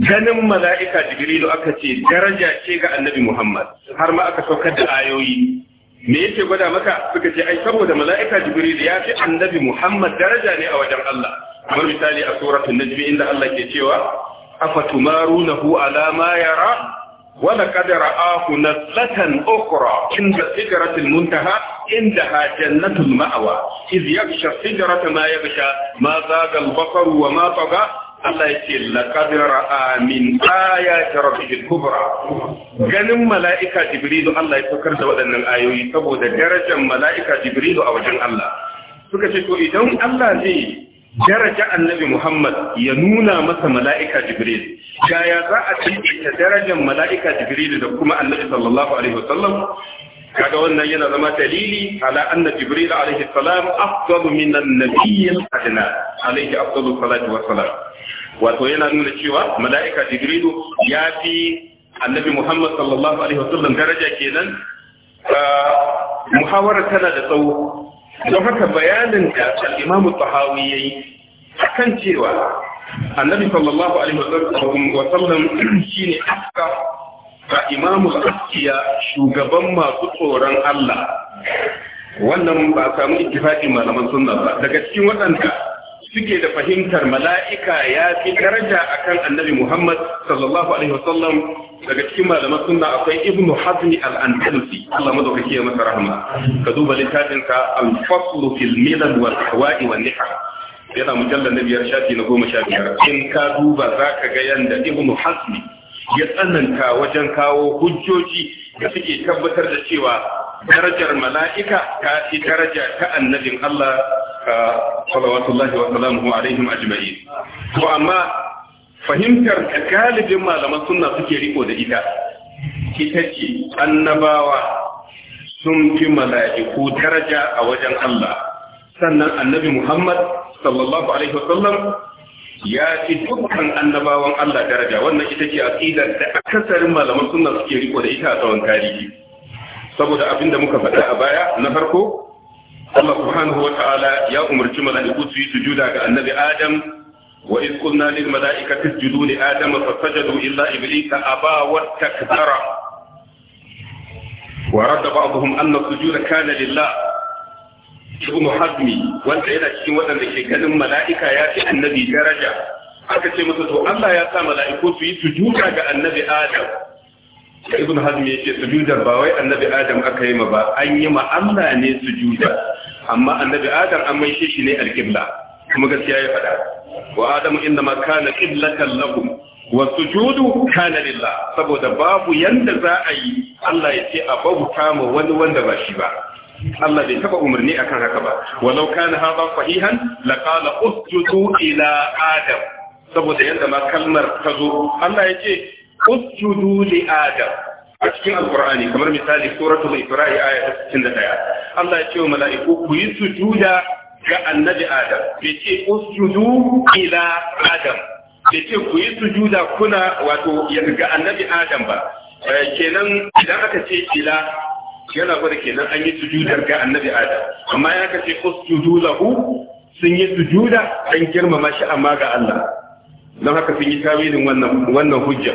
ganin mala'ika Jibril aka ce daraja ce ga annabi Muhammad har ma aka saukar da ayoyi me yake gwada maka suka ce ai saboda mala'ika jibril ya fi annabi muhammad daraja ne a wajen Allah kamar misali a suratul najm inda Allah ke cewa afatumarunahu ala ma yara wa laqad ra'ahu nazlatan ukhra inda sidratil muntaha indaha jannatul ma'wa iz yaghsha sidrata ma yaghsha ma zaga al-basar wa ma taga Allah ya ce laqad ra'a min ayati rabbihil kubra ganin mala'ika jibrilu Allah ya saukar da waɗannan ayoyi saboda darajar mala'ika jibrilu a wajen Allah suka ce to idan Allah zai daraja annabi Muhammad ya nuna masa mala'ika jibril ya za a ta darajar mala'ika jibrilu da kuma annabi sallallahu alaihi wasallam kaga wannan yana zama dalili ala anna jibril alaihi salam afdalu min an-nabiy al-adna alaihi afdalu salatu wa salam wato yana nuna cewa mala'ika jibrilu ya fi annabi muhammad sallallahu alaihi wasallam daraja kenan ah, muhawara tana da tsawo don haka bayanin da al'imamu tahawi ya yi kan cewa annabi sallallahu alaihi wasallam shi ne afka ga imamu tsakiya shugaban masu tsoron allah wannan ba samu ittifaqin malaman sunna ba daga cikin waɗanda suke da fahimtar mala'ika ya fi daraja akan annabi Muhammad sallallahu alaihi wasallam daga cikin malaman sunna akwai Ibn Hazmi al-Andalusi Allah madaukake ya masa rahama ka duba littafin ka al-faslu fil milal wal yana mujallar na biyar shafi na goma sha biyar in ka duba za ka ga yanda Ibn Hazmi ya tsananta wajen kawo hujjoji da suke tabbatar da cewa darajar mala'ika ta fi daraja ta annabin Allah salawatullahi wa salamuhu alaihim ajma'in to amma fahimtar galibin malaman sunna suke riko da ita ita ce annabawa sun fi mala'iku daraja a wajen Allah sannan annabi Muhammad sallallahu alaihi wasallam ya fi dukkan annabawan Allah daraja wannan ita ce aqidar da kasarin malaman sunna suke riko da ita a tsawon tarihi saboda abinda muka faɗa a baya na farko Allah subhanahu wata'ala ya umarci mala'iku su yi sujuda ga annabi Adam wa iz qulna lil mala'ikati isjudu li adama fasajadu illa iblisa aba wa takbara wa radda ba'dhum anna sujuda kana lillah ibn hazmi wanda yana cikin waɗanda ke ganin mala'ika ya fi annabi daraja aka ce masa to Allah ya sa mala'iku su yi sujuda ga annabi Adam da ibn hazm ya sujudar ba wai annabi adam aka yi ma ba an yi ma Allah ne sujuda amma annabi adam an mai shi ne alqibla kuma gaskiya ya faɗa wa adamu inda ma kana qiblatan lahum wa sujudu kana lillah saboda babu yanda za a yi Allah ya ce a bauta ma wani wanda ba shi ba Allah bai taba umarni akan haka ba walau kana haba sahihan laqala usjudu ila adam saboda yanda ma kalmar ta zo Allah ya ce usjudu li adam a cikin alqur'ani kamar misali suratul isra'i aya 61 Allah ya ce wa mala'iku ku yi sujuda ga annabi adam bai ce usjudu ila adam bai ce ku yi sujuda kuna wato ga annabi adam ba eh, kenan idan aka ce ila yana gwada kenan an yi sujudar ga annabi adam amma ya aka ce sun yi sujuda an girmama shi amma ga Allah don haka sun yi tawilin wannan wannan hujja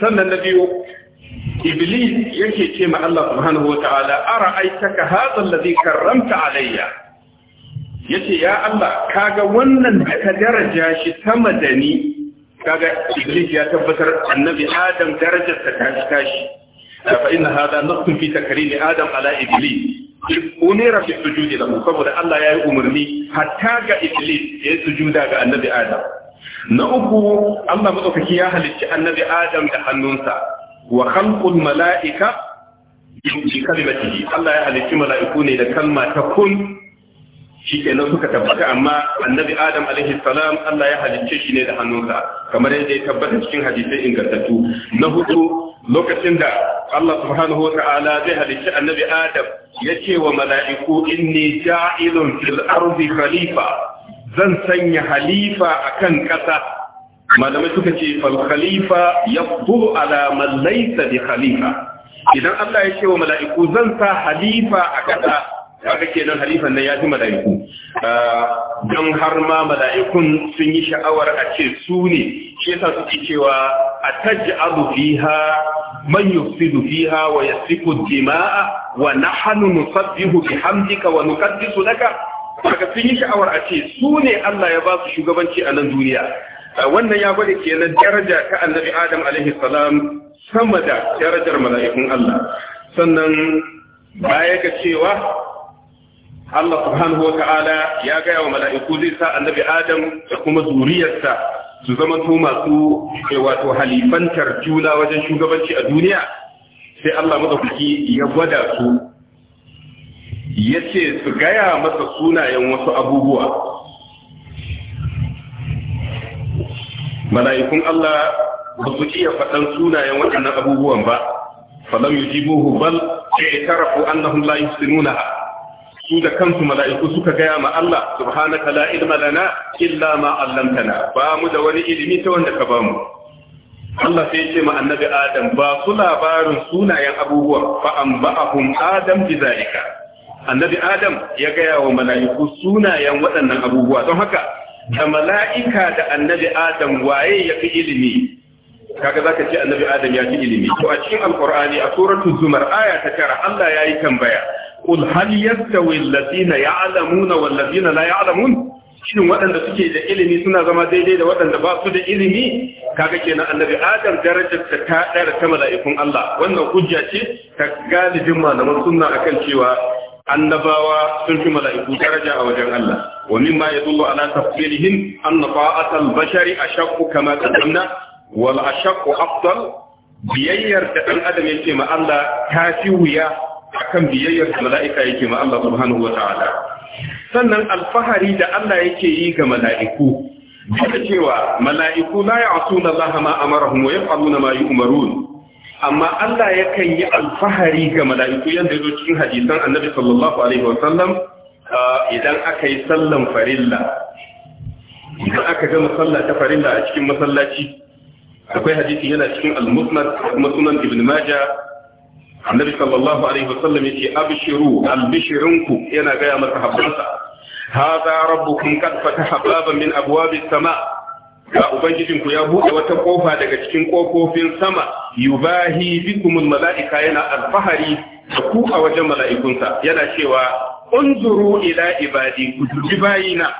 sannan na biyu iblis yake ce ma Allah subhanahu wata'ala ara aitaka hadha alladhi karramta alayya yace ya Allah kaga wannan da ka daraja shi sama da ni kaga iblis ya tabbatar annabi adam daraja ta tashi fa inna hadha naqsun fi takrimi adam ala iblis unira fi sujudi lahu saboda Allah ya yi umarni hatta ga iblis ya sujuda ga annabi adam na uku Allah madaukaki ya halicci annabi Adam da hannunsa wa khalqul mala'ika bi kalimatihi Allah ya halicci mala'iku ne da kalma ta kun shikenan suka tabbata amma annabi Adam alaihi salam Allah ya halicce shi ne da hannunsa kamar yadda ya tabbata cikin hadisai ingantattu na hudu lokacin da Allah subhanahu wa ta'ala zai halicci annabi Adam ya ce wa mala'iku inni ja'ilun fil ardi khalifa zan sanya halifa akan ƙasa malamai suka ce fal khalifa yaqdu ala man laysa khalifa idan Allah ya ce wa mala'iku zan sa halifa a ƙasa kaga kenan halifan nan ya fi mala'iku ah, Don har ma mala'ikun sun yi sha'awar a ce su ne shi yasa suke cewa ataj'alu fiha man yufsidu fiha wa yasfiku jima'a wa nahnu nusabbihu bihamdika wa nuqaddisu laka daga sun yi sha'awar a ce su ne Allah ya ba su shugabanci a nan duniya wannan ya gwada kenan daraja ta annabi Adam alaihi salam sama da darajar mala'ikun Allah sannan baya ga cewa Allah subhanahu wa ta'ala ya gaya wa mala'iku zai sa annabi Adam da kuma zuriyarsa su zama to masu eh, wato halifantar juna wajen shugabanci a duniya sai Allah madaukaki ya gwada su ya ce su gaya masa sunayen wasu abubuwa mala'ikun Allah ba su iya faɗan sunayen waɗannan abubuwan ba falam yujibuhu bal i'tarafu annahum la yusinunaha su da kansu mala'iku suka gaya ma Allah subhanaka la ilma lana illa ma 'allamtana ba mu da wani ilimi ta wanda ka ba mu Allah sai ce ma annabi Adam ba su labarin sunayen abubuwan fa an ba'ahum Adam bi zalika annabi adam ya gaya wa mala'iku sunayen waɗannan abubuwa don haka da mala'ika da annabi adam waye ya fi ilimi kaga zaka ce annabi adam ya fi ilimi to a cikin alqur'ani a suratul zumar aya ta tara Allah yayi tambaya qul hal yastawi alladhina ya'lamuna wal ladina la ya'lamun shin waɗanda suke da ilimi suna zama daidai da waɗanda ba su da ilimi kaga kenan annabi adam darajar ta ta dara ta mala'ikun Allah wannan hujja ce ta galibin malaman sunna akan cewa annabawa sun fi mala'iku daraja a wajen Allah wa mimma yadullu ala tafsilihim anna ta'at al-bashari ashaqqu kama qaddamna wal ashaqqu afdal biyayyar da dan adam yake ma Allah ta fi wuya akan biyayyar da mala'ika yake ma Allah subhanahu wa ta'ala sannan alfahari da Allah yake yi ga mala'iku da cewa mala'iku la ya'suna Allah ma amarahum wa na ma umaru? amma Allah yakan yi alfahari ga mala'iku yadda ya zo cikin hadisan annabi sallallahu alaihi wasallam idan aka yi sallan farilla idan aka gama sallah ta farilla a cikin masallaci akwai hadisi yana cikin al-musnad kuma sunan ibn majah annabi sallallahu alaihi wasallam yace abshiru albishirinku yana gaya masa habbansa hadha rabbukum qad fataha baban min abwabi sama ga ku ya buɗe wata kofa daga cikin kofofin sama yubahi bikumul mala'ika yana alfahari da ku a wajen mala'ikunsa yana cewa unzuru ila ibadi kudubi dubi bayina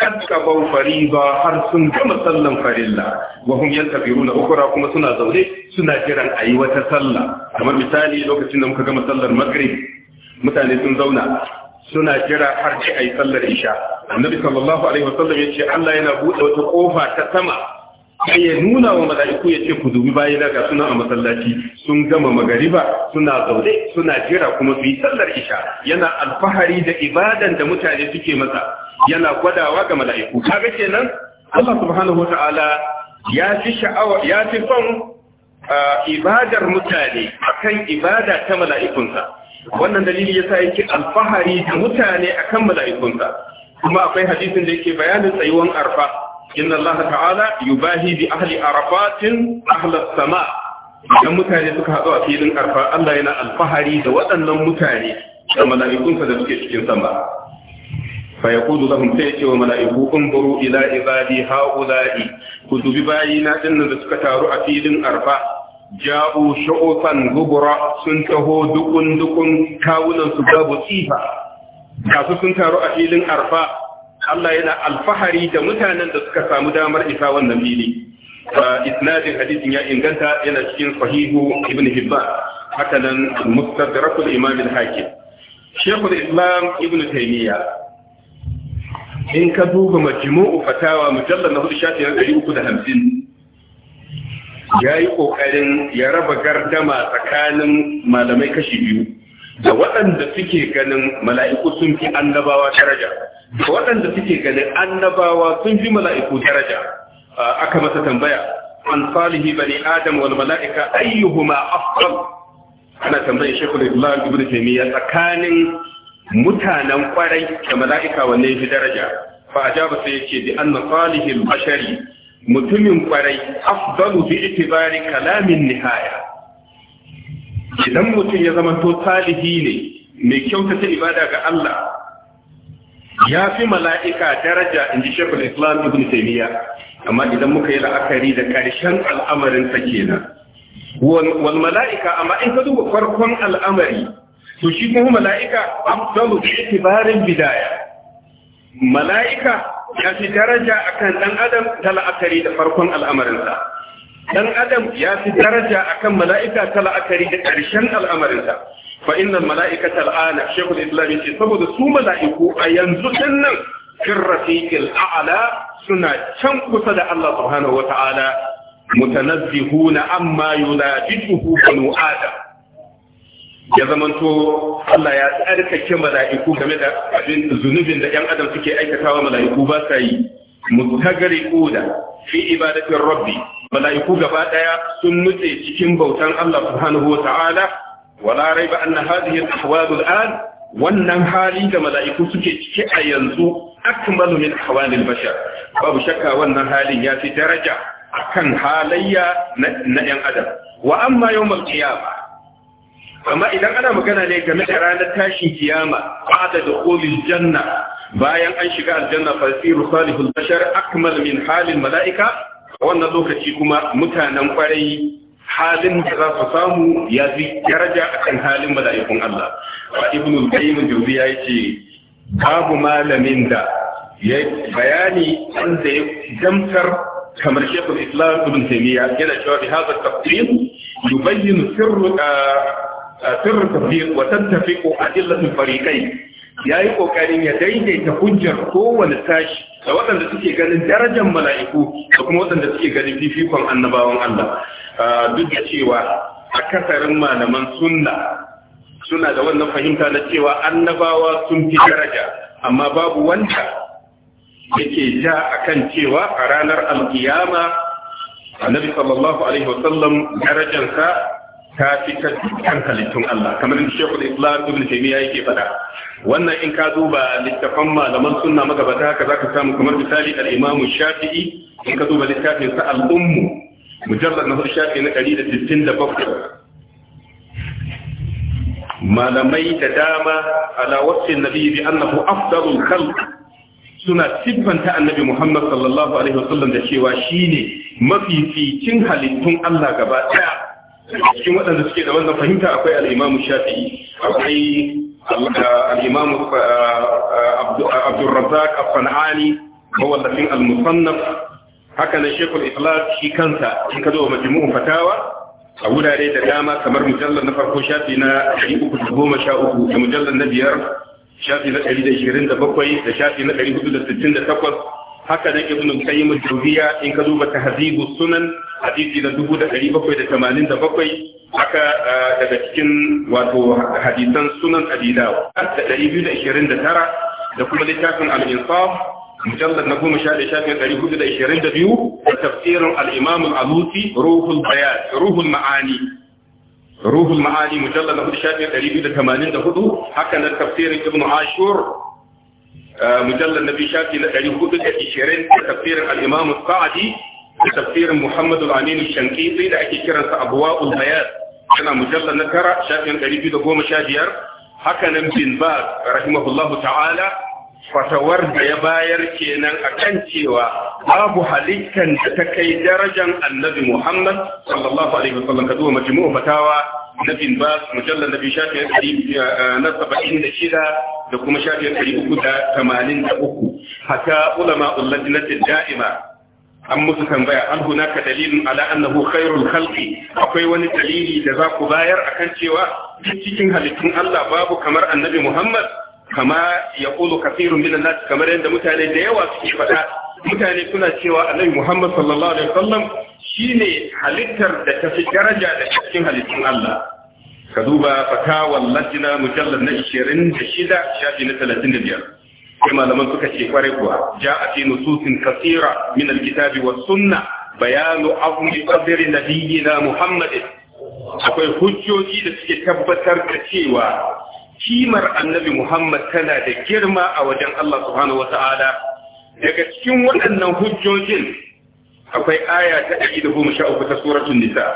kad kabau fariba har sun gama sallan farilla wa hum na ukura kuma suna zaune suna jiran ayi wata sallah kamar misali lokacin da muka gama sallar maghrib mutane sun zauna suna jira har sai ayi sallar isha annabi sallallahu alaihi wasallam yace Allah yana buɗe wata kofa ta sama sai ya nuna wa mala'iku ce ku dubi bayina ga suna a masallaci sun gama magariba suna zaune suna jira kuma su yi sallar isha yana alfahari da ibadan da mutane suke masa yana gwadawa ga mala'iku kaga kenan Allah subhanahu wataala ya fi sha'awa ya fi son ah, ibadar mutane akan ibada ta mala'ikunsa wannan dalili yasa yake alfahari da mutane akan mala'ikunsa kuma akwai hadisin da yake bayanin tsayuwan arfa inna Allah ta'ala yubahi bi ahli arafatin ahlas sama idan mutane suka haɗu a filin arfa Allah yana alfahari da waɗannan mutane da mala'ikunsa da suke cikin sama fa yaqulu lahum sai yace wa mala'iku unzuru ila ibadi haula'i ku dubi na dinnan da suka taru a filin arfa ja'u shu'ufan gubura sun taho dukun dukun kawunan su babu tsifa kasu sun taru a filin arfa Allah yana alfahari da mutanen da suka samu damar isa wannan fili isnadin hadisin ya inganta yana cikin sahihu ibn hibban haka nan mustadrakul imam al-hakim shaykhul islam ibn taymiya in ka duba majmu'u fatawa mujallal na 350 ya yi ƙoƙarin ya raba gardama tsakanin malamai kashi biyu da waɗanda suke ganin mala'iku sun fi annabawa daraja da waɗanda suke ganin annabawa sun fi mala'iku daraja aka masa tambaya an salihi bani adam wal mala'ika ayyuhuma afdal ana tambayar shekul islam ibn taymiya tsakanin mutanen kwarai da mala'ika wanne yafi daraja fa ajaba sai yace bi anna al bashari mutumin kwarai afdalu bi itibari kalamin nihaya idan mutum ya zama to salihi ne mai kyautata ibada ga Allah ya fi mala'ika daraja in ji shekul islam ibn taymiya amma idan muka yi la'akari da ƙarshen al'amarin kenan wal mala'ika amma in ka duba farkon al'amari to shi kuma mala'ika afdalu bi itibarin bidaya mala'ika ya fi daraja akan ɗan adam ta la'akari da farkon al'amarinsa Ɗan adam ya fi daraja akan mala'ika ta la'akari da ƙarshen al'amarinsa fa innal mala'ika al'ana shaykhul islam yace saboda su mala'iku a yanzu ɗin nan. Firrafi a'la suna can kusa da Allah subhanahu wata'ala mutanazzihuna amma yulajiduhu banu adam ya zamanto Allah ya tsarkake mala'iku game da abin zunubin da ‘yan adam suke aikatawa mala'iku ba sa yi, mutagari da, fi ibadatin rabbi, mala'iku gaba ɗaya sun nutse cikin bautan Allah subhanahu wa ta'ala, wala rai ba an na hadihin ahwalul an wannan hali da mala'iku suke ciki a yanzu akmalu min ahwalil bashar babu shakka wannan halin ya fi daraja akan halayya na ‘yan adam wa amma yawmal qiyamah amma idan ana magana ne game da ranar tashin kiyama da dukhulil janna bayan an shiga aljanna fasiru salihul bashar akmal min halin mala'ika wannan lokaci kuma mutanen kwarai halin da za su samu ya fi daraja kan halin mala'ikun Allah wa ibnul qayyim ya ce, babu malamin da ya bayani da ya damtar kamar shekul islam ibn taymiya yana cewa bi hadha tafsir yubayyin sirru ah, wa tattafiqu farikai ya yi ƙoƙarin ya daidaita hujjar kowane tashi da waɗanda suke ganin darajar mala'iku da kuma waɗanda suke ganin fifikon annabawan Allah duk da cewa akasarin malaman sunna suna da wannan fahimta na cewa annabawa sun fi daraja amma babu wanda yake ja kan cewa a ranar alkiyama annabi sallallahu alaihi wasallam darajarsa ta fi ta dukkan halittun Allah kamar da Sheikhul Islam Ibn Taymiyyah yake faɗa wannan in ka duba littafan malaman sunna magabata haka zaka samu kamar misali al-Imam Shafi'i in ka duba littafin sa al-Umm mujallad na Shafi'i na 167 malamai da dama ala wasfin nabi bi annahu afdalul khalq suna siffanta annabi Muhammad sallallahu alaihi wasallam da cewa shine mafificin halittun Allah gaba ɗaya. cikin waɗanda suke da wannan fahimta akwai al'imamu shafi. akwai al'imamu uh, uh, uh, abdurrazak Afan'ani, mawallafin al-musannaf haka na shekul islam shi kansa in ka zo majmu'un fatawa a wurare da dama kamar mujallar na farko shafi na 313 da mujallar na biyar shafi na 127 da shafi na 468 haka nan ibn qayyim al-jawziya in ka duba tahzibu sunan hadisi da 1787 haka ah, daga cikin wato hadisan sunan abi dawud 229 da kuma littafin al-insaf mujallad na goma sha shafin ɗari hudu da ishirin da biyu da tafsirin al'imam al'alusi ruhul bayan ruhul ma'ani ruhul ma'ani mujallad na hudu shafin ɗari biyu da tamanin da hudu haka na tafsirin ibn ashur آه، مجلد النبي شاكي يعني هو بدأ يشيرين تفسير الإمام القاعدي تفسير محمد الأمين الشنكيطي لأكي شيرين أبواء البيات أنا مجلد نكرة شاكي يعني بيدو قوم شاديار حكى نمتين رحمه الله تعالى fatawar da ya bayar kenan a kan cewa babu halittan da ta kai darajan annabi Muhammad sallallahu alaihi wasallam ka zuwa majmu'u fatawa na bin bas mujallal nabi shafi'in ɗari eh, na saba'in da shida da kuma shafi'in ɗari uku da tamanin da uku hatta ulama ullajinatin da'ima an musu tambaya an ka dalilin ala annahu khairul khalqi akwai wani dalili da za ku bayar akan cewa cikin halittun Allah babu kamar annabi Muhammad kama ya ƙulu kafirun minan kamar yadda mutane da yawa suke faɗa mutane suna cewa annabi muhammad sallallahu alaihi wasallam shine halittar da ta fi daraja da cikin halittun allah ka duba fatawan lajina mujallar na shida shafi na biyar. sai malaman suka ce kware kuwa ja a fi nususin kasira min alkitabi wa sunna bayanu azmi qadri nabiyina muhammadin akwai hujjoji da suke tabbatar da cewa kimar annabi Muhammad tana da girma a wajen Allah subhanahu wata'ala daga cikin waɗannan hujjojin akwai aya ta ɗari da sha uku ta suratun nisa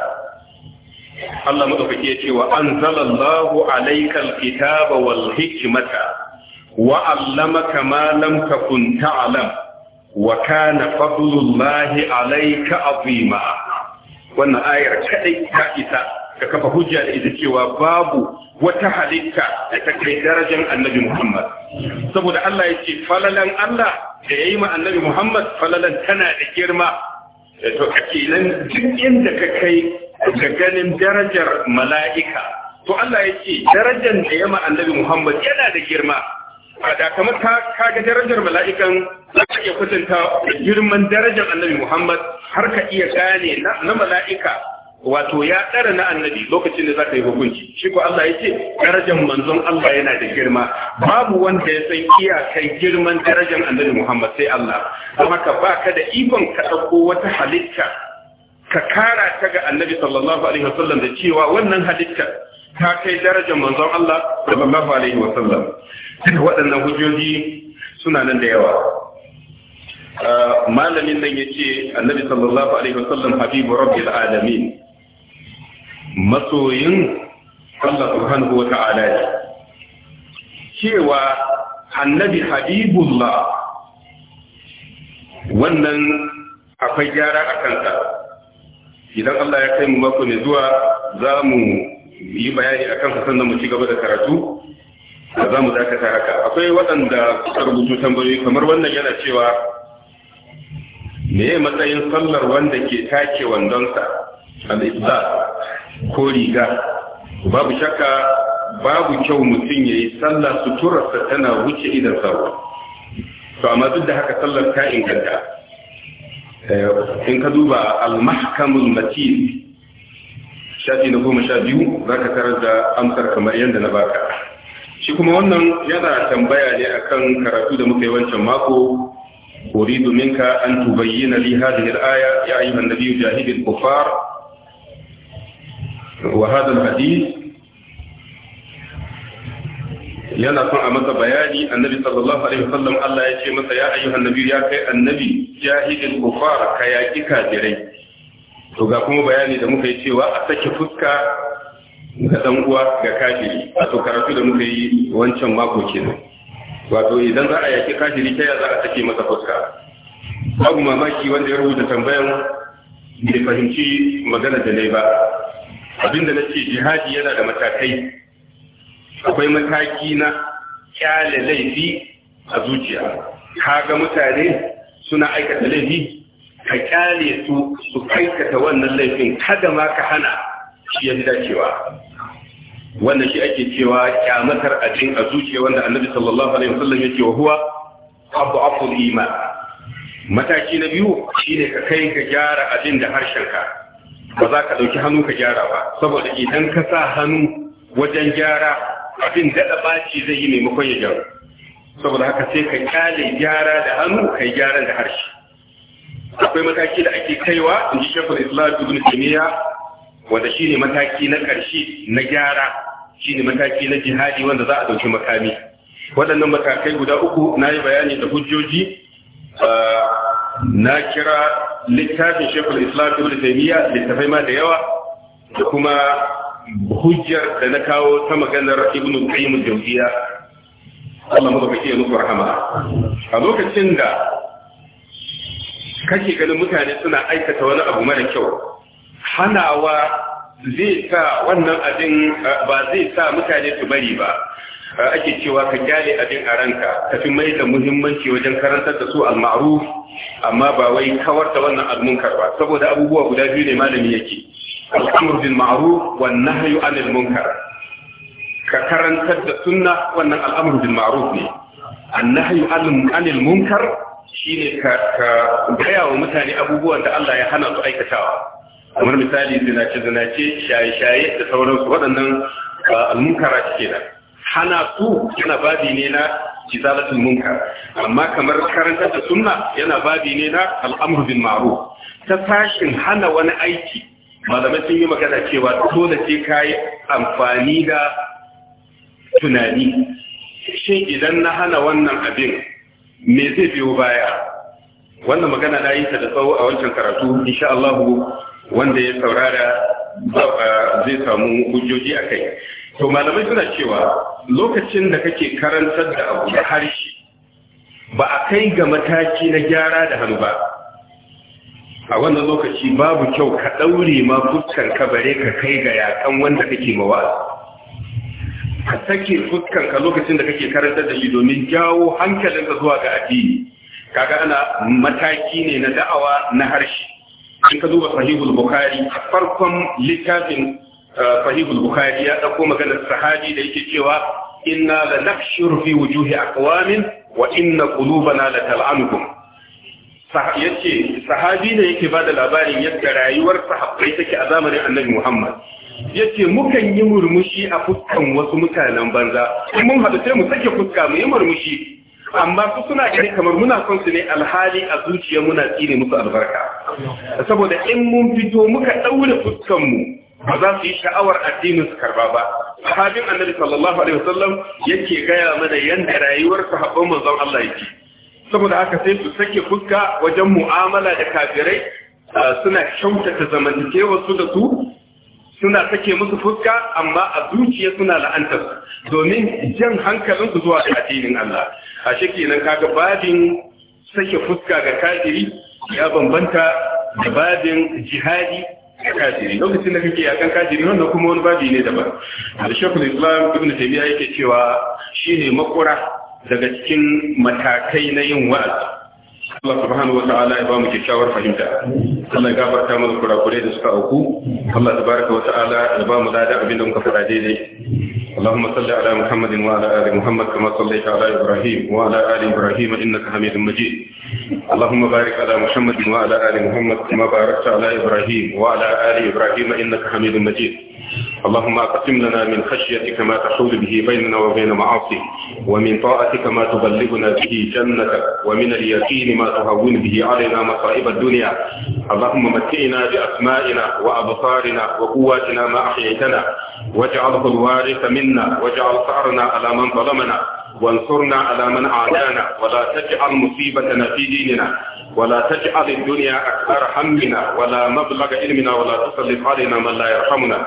Allah madaukaki ya ce wa anzalallahu alaykal kitaba wal hikmata wa allamaka ma lam takun ta'lam wa kana fadlullahi alayka azima wannan ayar kadai ta isa ka kafa hujja da ita cewa babu wata halitta da ta kai darajar annabi Muhammad saboda Allah ya ce falalan Allah da ya yi ma annabi Muhammad falalan tana da girma to ake nan duk inda ka kai ga ganin darajar mala'ika to Allah ya ce darajar da ya ma annabi Muhammad yana da girma da kamar ka ga darajar mala'ikan za ka iya kwatanta girman darajar annabi Muhammad har ka iya gane na mala'ika wato ya tsara na annabi lokacin da za ka yi hukunci shi ko Allah ya ce darajar manzon Allah yana da girma babu wanda ya san iyakai girman darajar annabi Muhammad sai Allah don haka ba ka da ikon ka ɗauko wata halitta ka kara ta ga annabi sallallahu alaihi wasallam da cewa wannan halitta ta kai darajar manzon Allah sallallahu alaihi wasallam waɗannan hujjoji suna nan da yawa ah, malamin nan ya ce annabi sallallahu alaihi wasallam habibu rabbil alamin masoyin Allah subhanahu wa ta'ala cewa annabi habibullah wannan akwai gyara a kansa idan Allah ya kai mu mako mai zuwa za mu yi bayani a kansa sannan mu ci gaba da karatu da za mu dakata haka akwai waɗanda suka rubutu tambayoyi kamar wannan yana cewa me matsayin sallar wanda ke take wandonsa al-ibdal ko riga babu shakka babu kyau mutum ya yi sallah suturarsa tana wuce idan sarwa to amma duk da haka sallar ta inganta eh, in ka duba a mahkamul matin shafi na goma sha biyu za ka tarar da amsar kamar yadda na baka shi kuma wannan yana tambaya ne akan karatu da muka yi wancan mako أريد منك أن تبين لي هذه الآية يا أيها النبي جاهد الكفار وهذا الحديث yana son a masa bayani annabi sallallahu alaihi wasallam Allah ya ce masa ya ayyuha annabi ya kai annabi jahidil kufara ka yaki kafirai to ga kuma bayani da muka yi cewa a sake fuska ga dan uwa ga kafiri wato karatu da muka yi wancan mako kenan wato idan za a yaki kafiri ta za a sake masa fuska babu mamaki wanda ya rubuta tambayan bai fahimci magana da nai ba abinda nace jihadi yana da matakai akwai mataki na kyale laifi a zuciya ka ga mutane suna aikata laifi ka kyale su su aikata wannan laifin kada ma ka hana shi ya dacewa wannan shi ake cewa kyamatar abin a zuciya wanda annabi sallallahu alaihi wasallam yake wa huwa abu iman mataki na biyu shine ka kai ka gyara abin da harshenka ba za ka ɗauki hannu ka gyara ba saboda idan ka sa hannu wajen gyara abin daɗa ɓaci zai yi maimakon ya gyaru saboda haka sai ka kyale gyara da hannu ka yi gyaran da harshe akwai mataki da ake kaiwa in ji shekul islam ibn taymiya wanda ne mataki na ƙarshe na gyara shi ne mataki na jihadi wanda za a ɗauki makami waɗannan matakai guda uku na yi bayani da hujjoji na kira littafin shekul islam ibn taymiya littafai ma da yawa da kuma hujjar da na kawo ta maganar ibn qayyim al-jawziya Allah madaukake ya muku rahama a lokacin da kake ganin mutane suna aikata wani abu mara kyau hanawa zai sa wannan abin ba zai sa mutane su bari ba ake cewa ka kyale abin a ranka ka fi mai da muhimmanci wajen karantar da su al-ma'ruf amma ba wai kawar da wannan al-munkar ba saboda abubuwa guda biyu ne malami yake al-amru bil ma'ruf wan nahyu anil munkar ka karantar da sunna wannan al-amru bil ma'ruf ne an-nahyu anil munkar shine ka gaya wa mutane abubuwan da Allah ya hana su aikatawa kamar misali zinace zinace shaye shaye da sauransu waɗannan ah, al-munkara kenan hana su yana babi ne na izalatul munkar amma kamar karanta da sunna yana babi ne na al'amru bil ta sashin hana wani aiki malamai sun yi magana cewa dole sai ka yi amfani da tunani shi idan na hana wannan abin me zai biyo baya wannan magana na yi ta da tsawo a wancan karatu insha Allah wanda ya saurara zai samu hujjoji a kai to malamai suna cewa lokacin da kake karantar da abu da harshe ba a kai ga mataki na gyara da hannu ba a wannan lokaci babu kyau ka ɗaure ma fuskar ka bare ka kai ga yakan wanda kake mawa ka sake fuskar ka lokacin da kake karantar da shi domin jawo hankalinka zuwa ga addini kaga ana mataki ne na da'awa na harshe in ka duba sahihul bukhari farkon littafin sahihul bukhari ya dauko maganar sahabi da yake cewa inna la nahshuru fi wujuhi aqwamin wa inna qulubana la tal'anukum yace sahabi ne yake bada labarin yadda rayuwar sahabbai take a zamanin annabi Muhammad yace mukan yi murmushi a fuskan wasu mutanen banza mun haɗu sai mu sake fuska mu yi murmushi amma su suna gani kamar muna son su ne alhali a zuciya muna tsine musu albarka saboda in mun fito muka ɗaure mu. ba za su yi sha'awar addinin su karba ba sahabin annabi sallallahu alaihi wasallam yake gaya mana yanda rayuwar sahabban manzon Allah yake saboda haka sai su sake fuska wajen mu'amala da kafirai suna kyautata zamantakewar su da su suna sake musu fuska amma a zuciya suna la'antar domin jan hankalin su zuwa addinin Allah a shekinan kaga babin sake fuska ga kafiri ya bambanta da babin jihadi ga lokacin da kake akan kajiri wannan kuma wani babi ne daban al-shaykhul islam ibn taymiya yake cewa shine makura daga cikin matakai na yin wa'azi Allah subhanahu wata'ala ya ba mu kyakkyawar fahimta. Allah gabata mana kurakure da suka auku. Allah tabaraka wata'ala ya ba mu dada abin da muka fada daidai. Allahumma salli ala Muhammad wa ala ali Muhammad kama sallaita ala Ibrahim wa ala ali Ibrahim innaka Hamidum Majid. Allahumma barik ala Muhammad wa ala ali Muhammad kama barakta ala Ibrahim wa ala ali Ibrahim innaka Hamidum Majid. اللهم اقسم لنا من خشيتك ما تحول به بيننا وبين معاصيك ومن طاعتك ما تبلغنا به جنتك ومن اليقين ما تهون به علينا مصائب الدنيا اللهم متئنا بأسمائنا وأبصارنا وقواتنا ما أحييتنا واجعله الوارث منا واجعل ثأرنا على من ظلمنا وانصرنا على من عادانا ولا تجعل مصيبتنا في ديننا ولا تجعل الدنيا أكثر همنا ولا مبلغ علمنا ولا تسلط علينا من لا يرحمنا